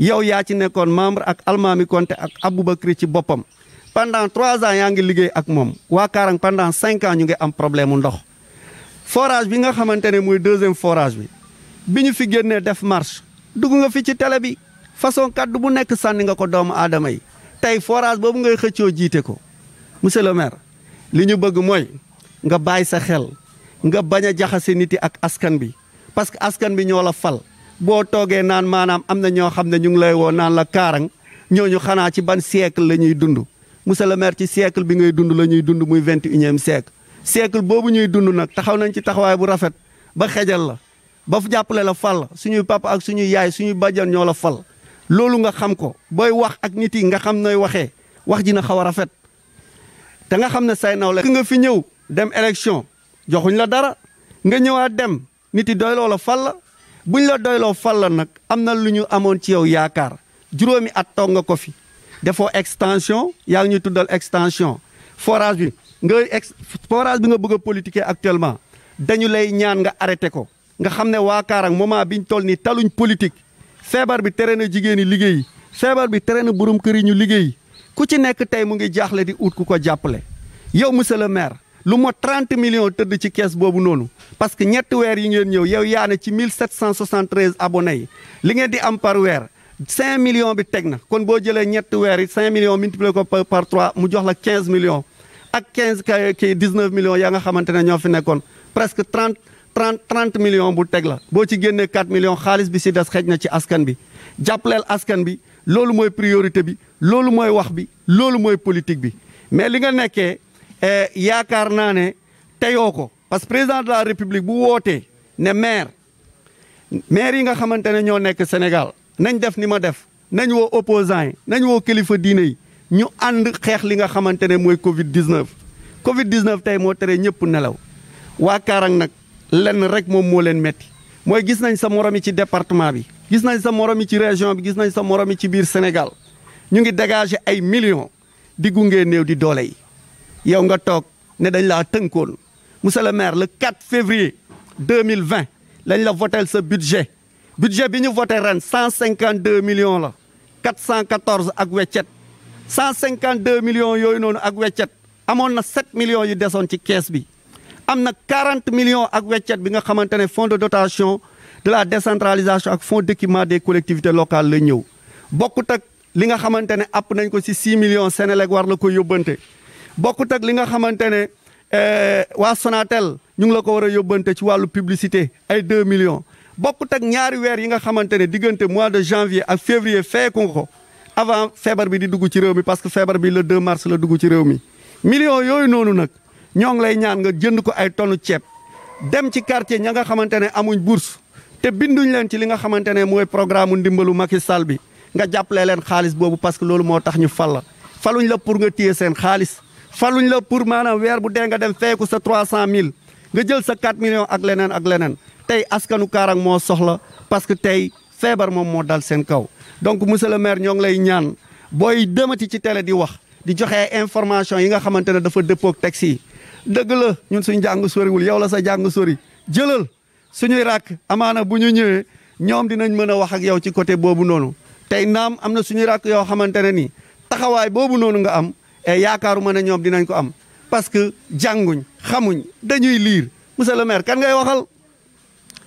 yow yaa ci nekkoon membre ak Almami Konté ak Aboubacry ci boppam pendant trois ans yaa ngi liggéey ak moom waa Karang pendant cinq ans ñu ngi am problème mu ndox forage bi nga xamante ne muy deuxième forage bi bi ñu fi génnee def marche dugg nga fi ci tele bi façon kaddu bu nekk sànni nga ko doomu aadama yi tey forage boobu ngay xëccoo jiite ko monsieur le maire li ñu bëgg mooy nga bàyyi sa xel nga bañ a jaxase nit yi ak askan bi parce que askan bi ñoo la fal boo toogee naan maanaam am na ñoo xam ne ñu ngi lay woo naan la kaarang ñooñu xanaa ci ban siècle la ñuy dund monsieur le maire ci siècle bi ngay dund la ñuy dund muy vingt et unième siècle boobu ñuy dund nag taxaw nañ ci taxawaay bu rafet ba xejal la ba fu jàppale la fal suñuy papa ak suñuy yaay suñuy bàjjan ñoo la fal loolu nga xam ko booy wax ak nit yi nga xam nooy waxee wax ji na xaw a rafet te nga xam ne say nawle nga fi ñëw dem élection joxuñ la dara nga ñëwaat dem nit yi doy loo la buñ la doyloo fal la nag am na lu ñu amoon ci yow yaakaar juróomi at toog nga ko fi defoo extension yaa ngi ñu tuddal extension forage bi nga ex forage bi nga bëgg a politiquer actuellement dañu lay ñaan nga arrêté ko nga xam ne waa Kaarang biñ toll ni taluñ politique feebar bi tere na jigéen ñi liggéey feebar bi tere na borom kër yi ñu liggéey ku ci nekk tey mu ngi jaaxle di ut ku ko jàppale yow monsieur le maire lu ma 30 millions tëdd ci kees boobu noonu parce que ñetti weer yi ngeen ñëw yow yaa ne ci 1773 abonnés yi li ngeen di am par weer 5 millions bi teg na kon boo jëlee ñetti weer yi 5 millions multiplié ko par 3 mu jox la 15 millions ak 15 kay kii 19 millions yaa nga xamante ne ñoo fi nekkoon presque 30 30 30 bu teg la. boo ci génnee 4 millions xaalis bi si des xej na ci askan bi jàppaleel askan bi loolu mooy priorité bi loolu mooy wax bi loolu mooy politique bi mais li nga nekkee. E, yaakaar naa ne teyoo ko parce que président la république bu wootee ne maire maire yi nga xamante ne ñoo nekk Sénégal nañ def ni ma def nañ woo opposants yi nañ woo kilifa diine ñu ànd xeex li nga xamante ne mooy Covid 19. Covid 19 tey moo tere ñëpp nelaw waa Kaarang nag lenn rek moom moo leen metti mooy gis nañ sa morom yi ci département bi gis nañ sa morom yi ci région bi gis nañ sa morom ci biir senegal ñu ngi dégager ay millions di gunge néew di doole yow nga toog ne dañ laa tënkoon monsieur le maire le 4 février 2020 lañ la votel sa budget budget bi ñu voté ren 152 millions la 414 ak weccet 152 millions yooyu noonu ak weccet amoon na 7 millions yu desoon ci kees bi am na 40 millions ak weccet bi nga xamante ne fonds de dotation de la décentralisation ak fonds d'équipement des collectivités locales la ñëw bokkut ak li nga xamante ne app nañ ko si 6 millions Sénélec war la ko yóbbante bokkut ak li nga xamante ne eh, waa Sonatel ñu ngi la ko war a yóbbante ci wàllu publicité ay 2 millions bokkutak ñaari weer yi nga xamante ne diggante mois de janvier ak février feeku nga ko avant feebar bi di dugg ci réew mi parce que feebar bi le 2 mars la dugg ci réew mi. millions yooyu noonu nag ñoo ngi lay ñaan nga jënd ko ay tonnu ceeb dem ci quartier ña nga xamante ne amuñ bourse te binduñ leen ci li nga xamante ne mooy programme ndimbalu Macky Sall bi nga jàppale leen xaalis boobu parce que loolu moo tax ñu fal la faluñ la pour nga téye seen xaalis. faluñ la pour maanaam weer bu dee nga dem feeku sa 300000 nga jël sa 4 millions ak leneen ak leneen tey askanu Kaarang moo soxla parce que tey feebar moom moo dal seen kaw. donc monsieur le maire ñoo ngi lay ñaan booy demati ci télé di wax di joxe information yi nga xamante ne dafa dëppook ak taxi dëgg la ñun suñ jàng soriwul yow la sa jàng sori jëlal suñuy rakk amaana bu ñu ñëwee ñoom dinañ mën a wax ak yow ci côté boobu noonu. tey naam am na suñuy rakk yoo xamante ne ni taxawaay boobu noonu nga am. yaakaaru yaakaaruma ne ñoom dinañ ko am parce que jànguñ xamuñ dañuy liir monsieur kan ngay waxal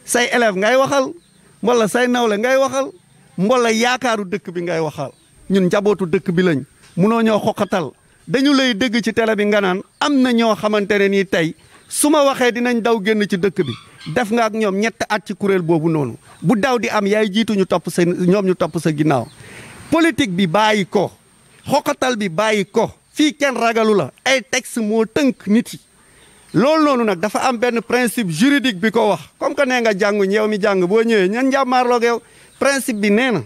say élève ngay waxal wala say nawle ngay waxal wala yaakaaru dëkk bi ngay waxal ñun njabootu dëkk bi lañ munoo ñoo xoqatal dañu lay dégg ci télé bi nga naan am na ñoo xamante ne nii tey su ma waxee dinañ daw génn ci dëkk bi def nga ak ñoom ñett at ci kuréel boobu noonu bu daw di am yaay jiituñu topp sa ñoom ñu topp sa ginnaaw politique bi bàyyi ko xoqatal bi bàyyi ko fii kenn ragalu la ay texte moo tënk nit yi loolu noonu nag dafa am benn principe juridique bi ko wax comme que nee nga jàngu ñeew mi jàng boo ñëwee ñan njàmmaarloog yow principe bi nee na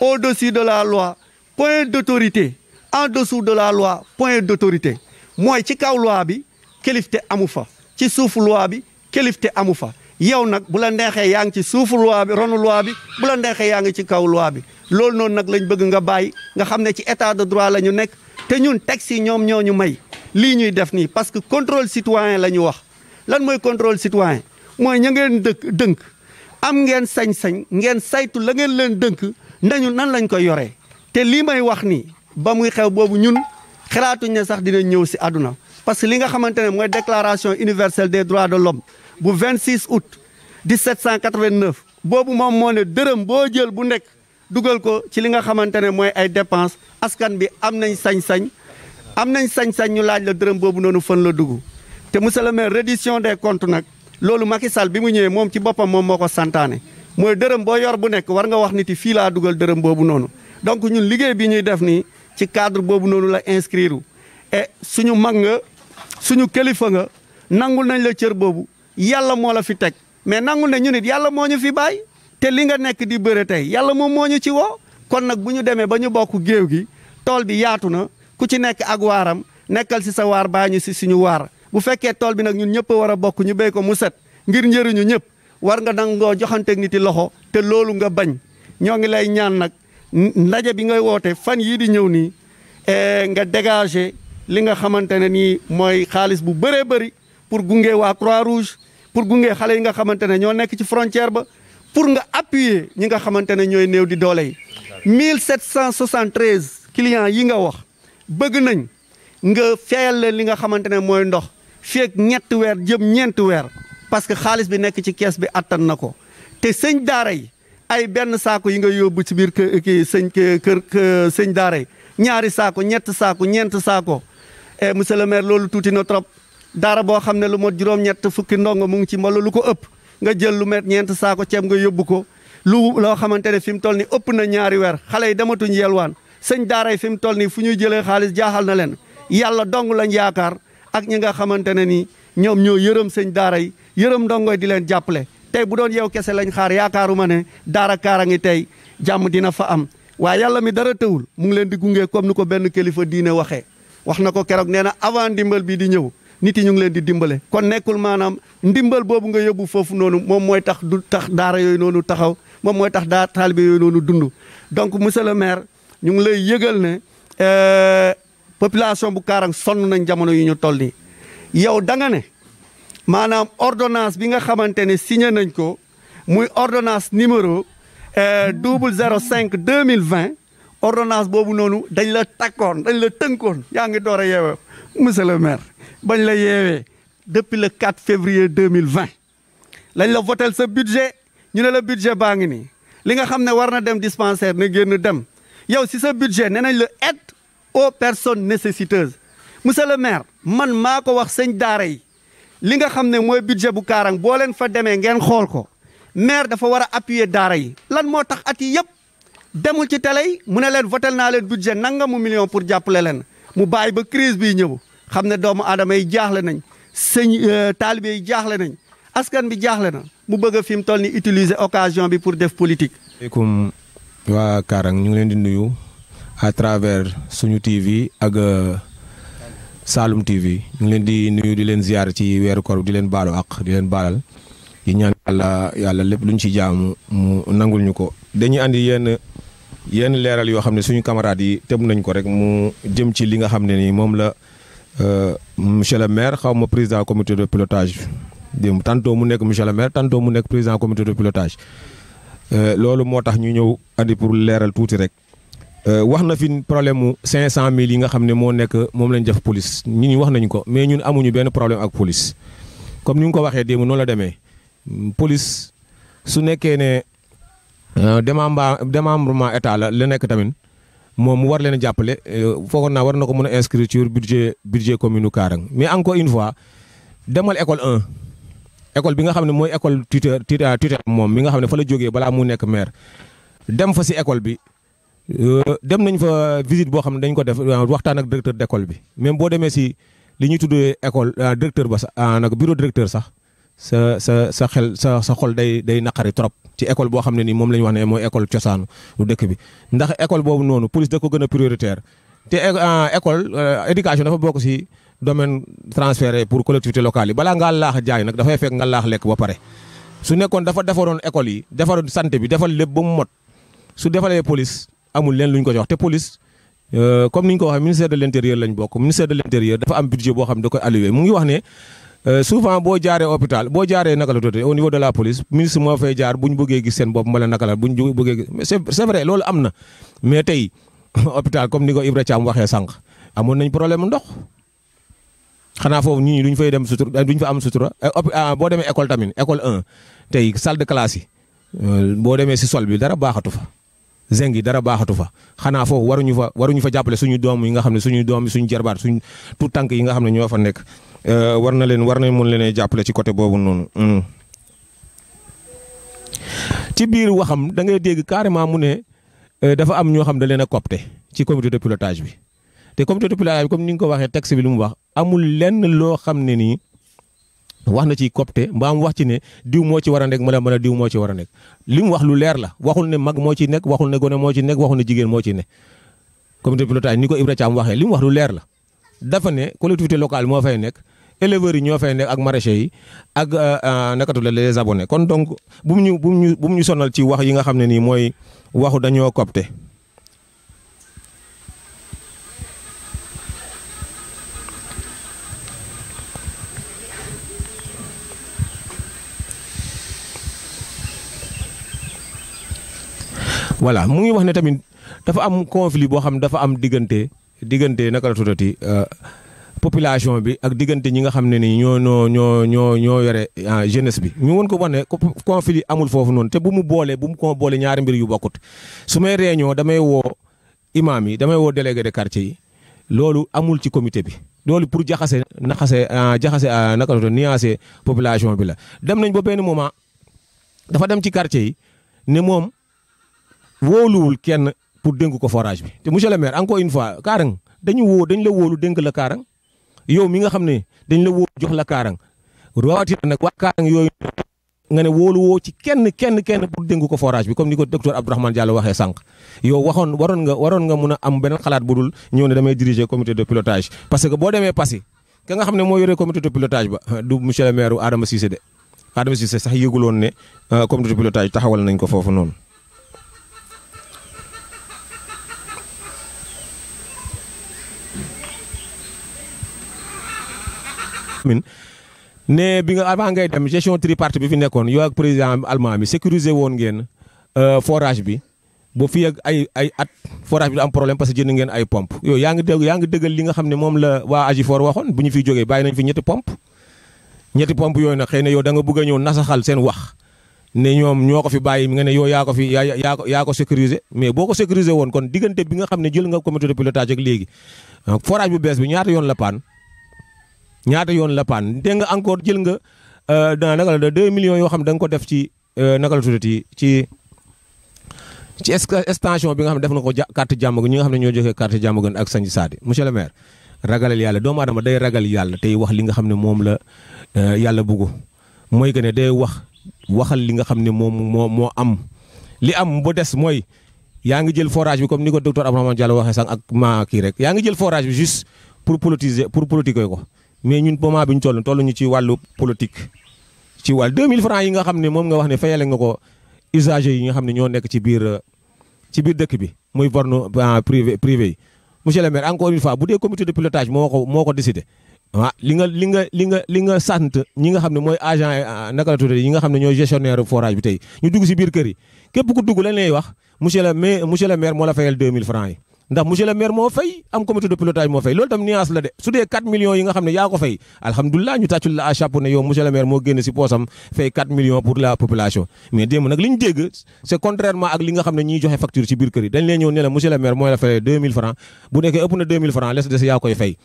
au-dessus de la loi point d'autorité en dessous de la loi point d'autorité mooy ci kaw loi bi kilifte amu fa ci suufu loi bi kilifte amu fa yow nag bu la neexee yaa ngi ci suufu loi bi ronu loi bi bu la neexee yaa ngi ci kaw loi bi loolu noonu nag lañ bëgg nga bàyyi nga xam ne ci état de droit la ñu nekk te ñun teg si ñoom ñoo ñu may lii ñuy def nii parce que contrôle citoyen la ñu wax lan mooy contrôle citoyen mooy ña ngeen dëkk dënk am ngeen sañ-sañ ngeen saytu la ngeen leen dënk nañu nan lañ koy yoree te lii may wax nii ba muy xew boobu ñun xalaatuñ ne sax dina ñëw si àdduna parce que li nga xamante ne mooy déclaration universelle des droits de l'homme bu 26 août 1789 boobu moom moo ne dërëm boo jël bu nekk dugal ko ci li nga xamante ne mooy ay dépense askan bi am nañ sañ-sañ am nañ sañ-sañ ñu laaj la dërëm boobu noonu fan la dugg te monsieur le maire reddition des comptes nag loolu Macky Sall bi mu ñëwee moom ci boppam moom moo ko santaane mooy dërëm boo yor bu nekk war nga wax nit yi fii laa dugal dërëm boobu noonu donc ñun liggéey bi ñuy def nii ci cadre boobu noonu la inscrire e suñu mag nga suñu kilifa nga nangul nañ la cër boobu yàlla moo la fi teg mais nangu ne ñu nit yàlla moo ñu fi bàyyi te li nga nekk di bëre tey yàlla moom moo ñu ci woo kon nag bu ñu demee ba ñu bokk géew gi tool bi yaatu na ku ci nekk ak waaram nekkal si sa waar baañu ñu si suñu waar bu fekkee tool bi nag ñun ñëpp war a bokk ñu béy ko mu set ngir njëriñu ñëpp war nga nangoo joxanteeg nit yi loxo te loolu nga bañ ñoo ngi lay ñaan nag ndaje bi ngay woote fan yii di ñëw nii eh, nga dégager li nga xamante ne nii mooy xaalis bu bëree bëri pour gunge waa croix pour gunge xale yi nga xamante ne ñoo nekk ci frontière ba pour nga appuyer ñi nga xamante ne ñooy néew di doole yi. 1773 clients yi nga wax bëgg nañ nga fayal leen li nga xamante ne mooy ndox feeg ñetti weer jëm ñeenti weer parce que xaalis bi nekk ci kees bi attan na ko te sëñ daara yi ay benn saako yi nga yóbbu ci biir kë kii sëñ kër sëñ daara ñaari saako ñett saako ñeenti saako. et eh, monsieur le maire loolu tuuti na trop. daara boo xam ne lu mot juróom-ñett fukki ndongo mu ngi ci mbala lu ko ëpp nga jël lu met ñeent saako ceeb nga yóbbu ko lu loo xamante ne fi mu toll ni ëpp na ñaari weer xale yi dematuñ yelwaan sëñ daaray fi mu toll nii fu ñuy jëlee xaalis jaaxal na leen yàlla dong lañ yaakaar ak ñi nga xamante ne nii ñoom ñëw yërëm sëñ daara yi yërëm ndongoy di leen jàppale tey bu doon yow kese lañ xaar yaakaaru ma ne daara kaara ngi tey jàmm dina fa am waaye yàlla mi dara mu ngi leen di gunge comme ni ko benn kilifa diine waxee wax na ko keroog nee na avant ndimbal bi di ñëw nit yi ñu ngi leen di dimbale kon nekkul maanaam ndimbal boobu nga yóbbu foofu noonu moom mooy tax du tax daara yooyu noonu taxaw moom mooy tax daa taalibe yooyu noonu dund donc monsieur le maire ñu ngi lay yëgal ne euh, population bu Kaarang sonn nañ jamono yu ñu toll nii yow da maanaam ordonnance bi nga xamante ne signé nañ ko muy ordonnance numéro euh, double zéro cinq deux mille vingt ordonnance boobu noonu dañ la takkoon dañ la tënkoon yaa ngi door a yeewee monsieur le maire bañ la yeewee depuis le 4 février 2020 lañ la votel sa budget ñu ne la budget baa ngi nii li nga xam ne war na dem dispensaire na génn dem yow si sa budget nee nañ la aide aux personnes nécessiteuses monsieur le maire man maa ko wax sëñ daara yi li nga xam ne mooy budget bu kaarang boo leen fa demee ngeen xool ko maire dafa war a appuyer daara yi lan moo tax at yi yëpp demul ci télé yi mu ne leen votel naa leen budget nangamu million pour jàppale leen mu bàyyi ba crise bii ñëw xam ne doomu aadama yi jaaxle nañ sëñ euh, taalibe yi jaaxle nañ askan bi jaaxle na mu bëgg a fi mu toll ni utiliser occasion bi pour def politique. asalaamaaleykum waa Karang ñu ngi leen di nuyu à travers suñu TV ak euh, Saloum TV ñu ngi leen di nuyu di leen ziar ci weeru koor di leen baalu ak di leen baalal di ñaan yàlla lépp luñ ci jaamu mu nangul ñu ko. dañuy andi yenn yenn leeral yoo xam ne suñu camarades yi tëb nañ ko rek mu jëm ci li nga xam ne ni moom la. Euh, monsieur le maire xaw ma président comité de pilotage bi tantôt mu nekk monsieur le maire tantôt mu nekk président comité de pilotage euh, loolu moo tax ñu ñëw andi pour leeral tuuti rek euh, wax na fi problème mu 500000 yi nga xam ne moo nekk moom lañu def police nit ñi wax nañu ko mais ñun amuñu benn problème ak police comme ni nga ko waxee démb noonu la demee police su nekkee ne démembrement démembrement état la la nekk tamit. moom mu war leen a jàppale euh, foogoon naa war na ko mën a inscrire ci budget budget commune nu Karang mais encore une fois demal école 1 école bi nga xam ne mooy école tuteur tuteur moom mi nga xam ne fa la jógee balaa mu nekk maire dem fa si école bi. Euh, dem nañ fa visite boo xam ne dañ ko def euh, waxtaan ak directeur décole bi même boo demee si li ñuy tuddee école directeur ba sax ah, nag bureau directeur sax sa sa sa xel sa sa xol day day naqari trop. ci école boo xam ne nii moom la ñu wax ne mooy école cosaanu dëkk bi ndax école boobu noonu police da ko gën a prioritaire te euh, euh, éducation dafa bokk si domaine transféré pour collectivité locale yi balaa ngaa laax jaay nag dafay fekk nga laax lekk ba pare su nekkoon dafa defaroon école yi defaroon santé bi defal lépp ba mu mot su defalee police amul leen lu ko jox te police euh, comme ni ko waxee ministère de l' intérieur lañ bokk ministère de l' dafa am budget boo xam ne da mu ngi wax Euh, souvent boo jaaree hôpital boo jaaree naka la tuddee au niveau de la police ministre moo fay jaar bu ñu bëggee gis seen bopp mbala naka la bu ñu bëggee gis mais c'est vrai loolu am na mais tey hôpital comme ni ko Ibra Thiam waxee sànq amoon nañ problème ndox xanaa foofu ñii duñ fay dem sutura duñ fa am sutura euh, ah, boo demee école tamit école 1 tey salle de classe yi euh, boo demee si sol bi dara baaxatu fa. zeng yi dara baaxatu fa xanaa foofu waruñu fa waruñu fa jàppale suñu doom yi nga xam ne suñu doom suñu jarbaat suñu tout tànk yi nga xam ne ñoo fa nekk Euh, war na leen war na mun leen jàppale ci côté boobu noonu. Hmm. ci biir waxam dangay dégg carrément mu ne euh, dafa am ñoo xam ne leen a copte ci comité de pilotage bi te comité de pilotage bi comme ni nga ko waxee texte bi lu mu wax amul lenn loo xam ne nii wax na ci copte mbaa wax ci ne diw moo ci war a nekk mën a mën a diw moo ci war a nekk li mu wax lu leer la waxul ne mag moo ci nekk waxul ne gone moo ci nekk waxul ne jigéen moo ci ne comité de pilotage ni ko Ibrahima waxee li mu wax lu leer la dafa ne collectivité locale moo fay nekk éleveurs yi ñoo fay nekk ak maraîchers yi ak euh, euh, nekkatule les abonnés kon donc bu mu ñu bu mu ñu sonal ci wax yi nga xam ne nii mooy waxu dañoo copte voilà mu ngi wax ne tamit dafa am conflit boo xam dafa am diggante diggante naka la euh, population bi ak diggante ñi nga xam ne ni ñoo ñoo ñoo ñoo ñoo yore ah, jeunesse bi ñu won ko wax ne conflit amul foofu noonu te bu mu boole bu mu ko boole ñaari mbir yu bokkut su may réunion damay woo imaam yi damay woo délégué de quartier yi loolu amul ci comité bi loolu pour jaxase naxase ah, jaxase ah, naka la population bi la dem nañ ba benn moment dafa dem ci quartier yi ne moom wóoluwul kenn pour dénk ko forage bi te monsieur le maire encore une fois kaarang dañu woo dañ la woolu dénk l kaarang yow mi nga xam ne dañ la wóolu jox la kaarang rawatina nag waa kaarang yooyu nga ne wóolu woo ci kenn kenn kenn pour déngu ko forage bi comme ni ko docteur Abdourahmane Diallo waxee sànq yow waxoon waroon nga waroon nga mun a am beneen xalaat bu dul ñëw ne damay diriger comité de pilotage parce que boo demee Passy ka nga xam ne moo yore comité de pilotage ba du monsieur le maire Adama Cissé de Adama Cissé sax yëguloon ne euh, comité de pilotage taxawal nañ ko foofu noonu amin ne bi nga avant ngay dem gestion tripartite bi fi nekkoon yow ak président allemand bi sécuriser woon ngeen euh, forage bi ba fii ak ay ay at forage bi du am problème parce jënd ngeen ay pompe yow yaa ngi dégg yaa ngi dëggal li nga xam ne moom la waa Agifor waxoon bu ñu bàyyi nañ fi ñetti pompe ñetti pompe yooyu nag xëy na yow da nga bëgg a ñëw nasaxal seen wax ne ñoom ñoo ko fi bàyyi nga ne yow yaa ko fi yaa yaa ko yaa ko sécuriser mais boo ko sécuriser woon kon diggante bi nga xam ne jël nga comité de pilotage ak léegi forage bu bees bi ñaata yoon la paan ñaata yoon la paan dégg nga encore jël nga euh, da naka la 2 yoo xam da nga ko def ci euh, naka la tuddati ci ci station bi nga xam ne def na ko carte jàmm ñi nga xam ne ñoo joxe carte jàmm ak sañ saadi monsieur le maire ragalal yàlla doomu adama day ragal yàlla tey wax li nga xam ne moom la euh, yàlla bëggu mooy que ne day wax waxal li nga xam ne moom moo am li am bu des mooy yaa ngi jël forage bi comme ni ko docteur Abdourahmane Diallo waxee sànq ak maa kii rek yaa ngi jël forage bi pour politiser pour politiquer ko mais ñun moment bi ñu toll toll ñu ci wàllu politique ci wàll 2000 francs yi nga xam ne moom nga wax ni fayale nga ko usagers yi nga xam ne ñoo nekk ci biir ci biir dëkk bi mooy borne ah, privé privé yi monsieur le maire encore une fois bu dee comité de pilotage moo ko moo ko décidé ah, li nga li nga li nga li nga sant ñi nga xam ne mooy agent ah, naka la tuddee yi nga xam ne ñooy gestionnaire forage bi tey ñu dugg si biir kër yi képp ku dugg lañ lay wax monsieur le maire monsieur le maire moo la fayal 2000 francs yi ndax monsieur le maire moo fay am comité de pilotage moo fay loolu tam nuance la de su dee 4 millions yi nga xam ne yaa ko fay alhamdulilah ñu tàccul la à chapeau ne yow monsieur le maire moo génn si poosam fay 4 millions pour la population mais démb nag li ñu dégg c' contrairement ak li nga xam ne ñiy joxe facture ci biir kër yi dañ leen ñëw ne la monsieur mooy la fay 2000 francs bu nekkee ëpp na 2000 francs les des yaa koy fay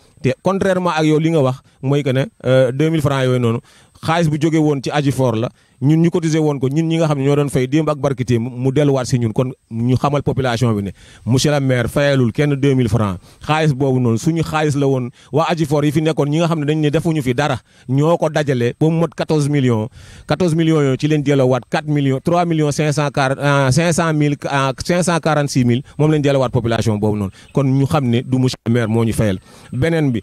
xaalis bu jóge woon ci aji for la ñun ñu cotisé woon ko ñun ñi nga xam ne ñoo doon fay démb ak barki téem mu delluwaat si ñun kon ñu xamal population bi ne monsieur le maire fayalul kenn 2000 francs xaalis boobu noonu suñu xaalis la woon waa aji for yi fi nekkoon ñi nga ne dañ ne defuñu fi dara ñoo ko dajale ba mu mot 14 millions 14 millions yooyu ci leen delluwaat 4 millions 3 millions 540 500 euh, mille 546 euh, mille moom leen delluwaat population boobu noonu kon ñu xam ne du monsieur le maire moo ñu fayal beneen bi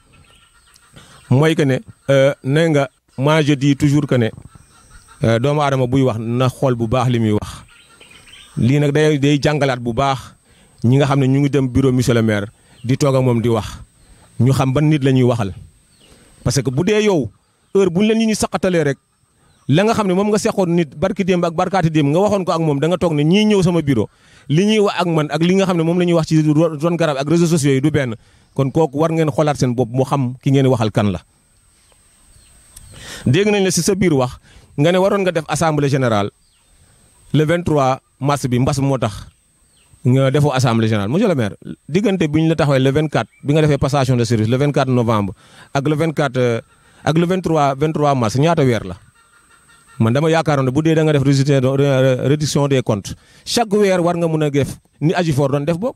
mooy que ne euh, nee moi je toujours que ne euh, doomu aadama buy wax na xool bu baax li muy wax lii nag day day jàngalaat bu baax ñi nga xam ne ñu ngi dem bureau monsieur le di toog ak moom di wax ñu xam ba nit la ñuy waxal parce que bu dee yow heure bu ñu leen ñu saqatalee rek la nga xam ne moom nga seqoon nit barki démb ak barkaati démb nga waxoon ko ak moom da nga toog ne ñii ñëw sama bureau li ñuy wax ak man ak li nga xam ne moom la ñuy wax ci ron garab ak réseaux sociaux yi du benn kon kooku war ngeen xoolaat seen bopp moo xam ki ngeen waxal kan la dégg nañ la si sa biir wax nga ne waroon nga def assemblée générale le 23 mars bi mbas moo tax nga defoo assemblée générale monsieur le maire diggante bi ñu la taxawee le 24 bi nga defee passation de service le 24 novembre ak le 24 euh, ak le 23 23 mars ñaata weer la. man dama yaakaaroon ne bu dee da nga def réduction euh, des comptes chaque weer war nga mun a def ni aji for doon def boobu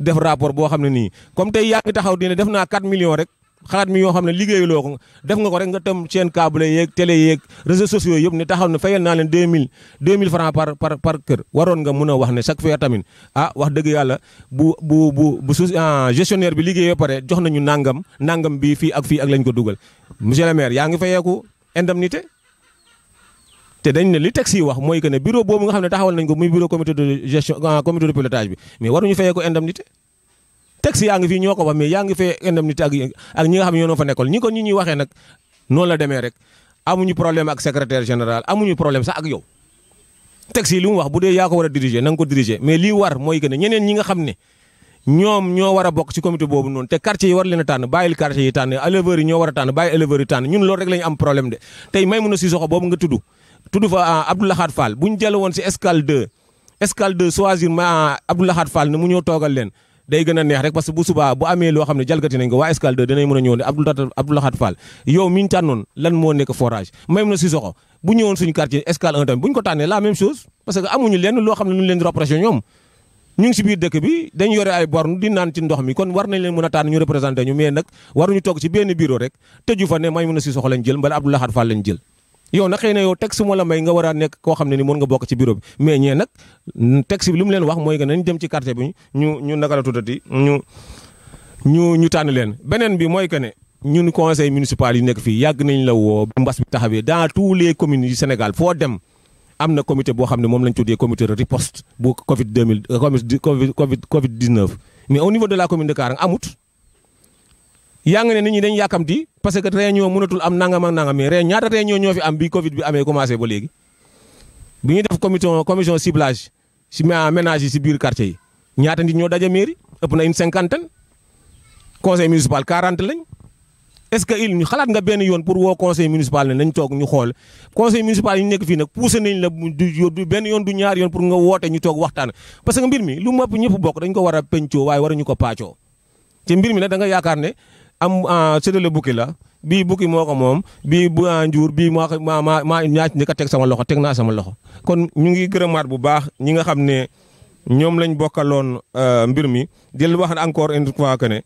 def rapport boo xam ne nii comme tey yaa ngi taxaw di ne def naa 4 millions rek. xalaat mi yoo xam ne liggéeyuloo ko def nga ko rek nga tam chaîne câble yeeg télé yeeg réseaux sociaux yëpp ne taxaw ne fayal naa leen 2000 2000 francs par par par kër a wax ah yàlla bu bu bu bu su ah, gestionnaire bi liggéey ba pare jox nañu nangam nangam bi fii ak fii ak lañ ko dugal monsieur le yaa te dañ ne li texte yi wax mooy que bureau boobu nga xam ne taxawal nañ ko muy bureau comité de gestion ah, comité de pilotage bi mais waruñu fayee ko taxi yaa ngi fi ñoo ko ba mais yaa ngi fee indemnité ak ak ñi nga xam ne ñoo fa nekkoon ñi ko ñi ñuy waxee nag noonu la demee rek amuñu problème ak secrétaire général amuñu problème sax ak yow. taxi li mu wax bu dee yaa ko war a diriger na ko diriger mais lii war mooy que ne ñeneen ñi nga xam ne ñoom ñoo war a bokk ci comité boobu noonu te quartier yi war leen a tànn bàyyil quartier yi tànn éleveurs yi ñoo war a tànn bàyyi éleveurs yi tànn ñun loolu rek la ñu am problème de a Maimouna Sissoko boobu nga tudd tudd fa ah, Abdoulaye Khad Fall bu ñu jëlee woon si escale 2 escale 2 choisir ma ah, Abdoulaye Khad mu ñëw toogal leen day gën a neex rek parce que bu subaa bu amee loo xam ne jalgati nañ ko waa Escale 2 dinañ mën a ñëw ne Abdou Abdou Lahad Fall yow mi ñu tànnoon lan moo nekk forage même na Sissoko bu ñëwoon suñu quartier Escale 1 tamit ñu ko tànnee la même chose parce amuñu lenn loo xam ne lu leen reproché ñoom ñu ngi dëkk bi dañu yore ay borne di naan ci ndox mi kon war nañ leen mën a tànn ñu représenté ñu mais nag waruñu toog ci benn bureau rek tëju fa ne may mën a Sissoko lañ yow na xëy na yow texte moo la may nga war a nekk koo xam ne ni mën nga bokk ci bureau bi mais ñee nag texte bi leen wax mooy que nañ dem ci quartier bi ñu ñu naka la tuddati ñu leen beneen bi mooy que ne ñun conseil municipal yi nekk fii yàgg nañ la woo mbas bi taxawee dans tous les commune yu Sénégal foo dem am na comité boo xam ne moom lañ tuddee comité de riposte bu Covid 2000 euh, Covid Covid Covid 19 mais au niveau de la commune de Karang amut. yaa ngi ne nit ñi dañ yàkkamti parce que réunion mënatul am nangam ak nangam mais réunion ñaata réunion ñoo fi am bi Covid bi amee commencé ba léegi. bi ñuy def commission commission ciblage si ménage si biir quartier yi ñaata nit ñoo daje mairie ëpp na une cinquantaine conseil municipal 40 lañ. est il ñu nga benn yoon pour woo conseil municipal ne nañ toog ñu xool conseil municipal yi nekk fii nag poussé nañ la du benn yoon du ñaar yoon pour nga woote ñu toog parce que mbir mi lu mopp ñëpp bokk dañ ko war a pencoo waaye waruñu ko paacoo ci mbir mi na da nga yaakaar ne am ah, séddale bukki la bii bukki moo ko moom bii bu ah, njuur bii maa ma maa maa ñaa ci njëkk teg sama loxo teg naa sama loxo. kon ñu ngi gërëmaat bu baax ñi nga xam ne ñoom lañ bokkaloon ah, mbir mi di leen wax encore une fois que ne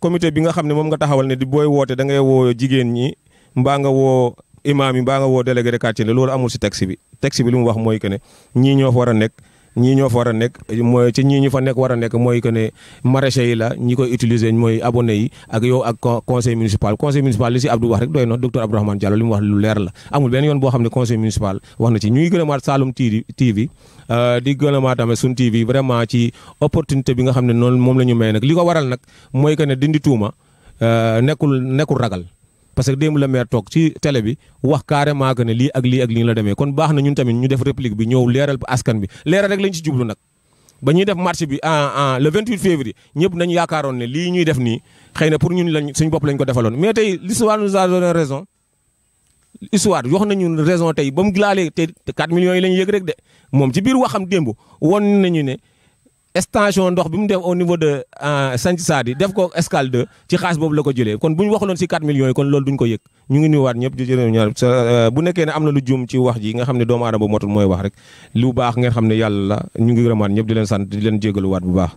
comité bi nga xam ne moom nga taxawal ne di booy woote dangay ngay woo jigéen ñi mbaa nga woo. imaam yi mbaa nga woo délégué de quartier la loolu amul si texte bi texte bi lu mu wax mooy que ne ñii ñoo fa war a nekk ñii ñoo fa war a nekk mooy ci ñii ñu fa nekk war a nekk mooy que ne maraîchers yi la ñi koy utiliser mooy abonné ak yow ak conseil municipal conseil municipal li si Abdou wax rek doy na docteur Abdourahmane Diallo li mu wax lu leer la amul benn yoon boo xam ne conseil municipal wax na ci ñuy gën a maat Saloum TV euh, di gën a maat tamit Sun TV vraiment ci opportunité bi nga xam ne noonu moom la ñu may nag li ko waral nak mooy que ne dindi tuuma euh, nekkul nekkul ragal parce que démb la maire toog ci télé bi wax carrément que ne lii ak lii ak lii la demee kon baax na ñun tamit ñu def réplique bi ñëw leeral askan bi leeral rek lañ ci jublu nag. ba ñuy def marché bi en le 28 février ñëpp nañu yaakaaroon ne lii ñuy def nii xëy na pour ñu lañ suñ bopp lañ ko defaloon mais tey l'histoire nous a donné raison. histoire jox nañu raison tey ba mu laalee te 4 millions yi lañ yëg rek de moom ci biir wax xam démb won ñu ne. station ndox bi mu def au niveau de euh, Santhi Sadi def ko Escale 2 ci xaalis boobu la ko jëlee kon bu ñu waxuloon si 4 millions yi kon loolu duñ ko yëg ñu ngi nuyuwaat ñëpp di jërë ñaar euh, bu nekkee ne am na lu juum ci wax ji nga xam ne doomu aadama bu motul mooy wax rek lu baax ngeen xam ne yàlla la ñu ngi gërëmaat ñëpp di leen sant di leen jégaluwaat bu baax.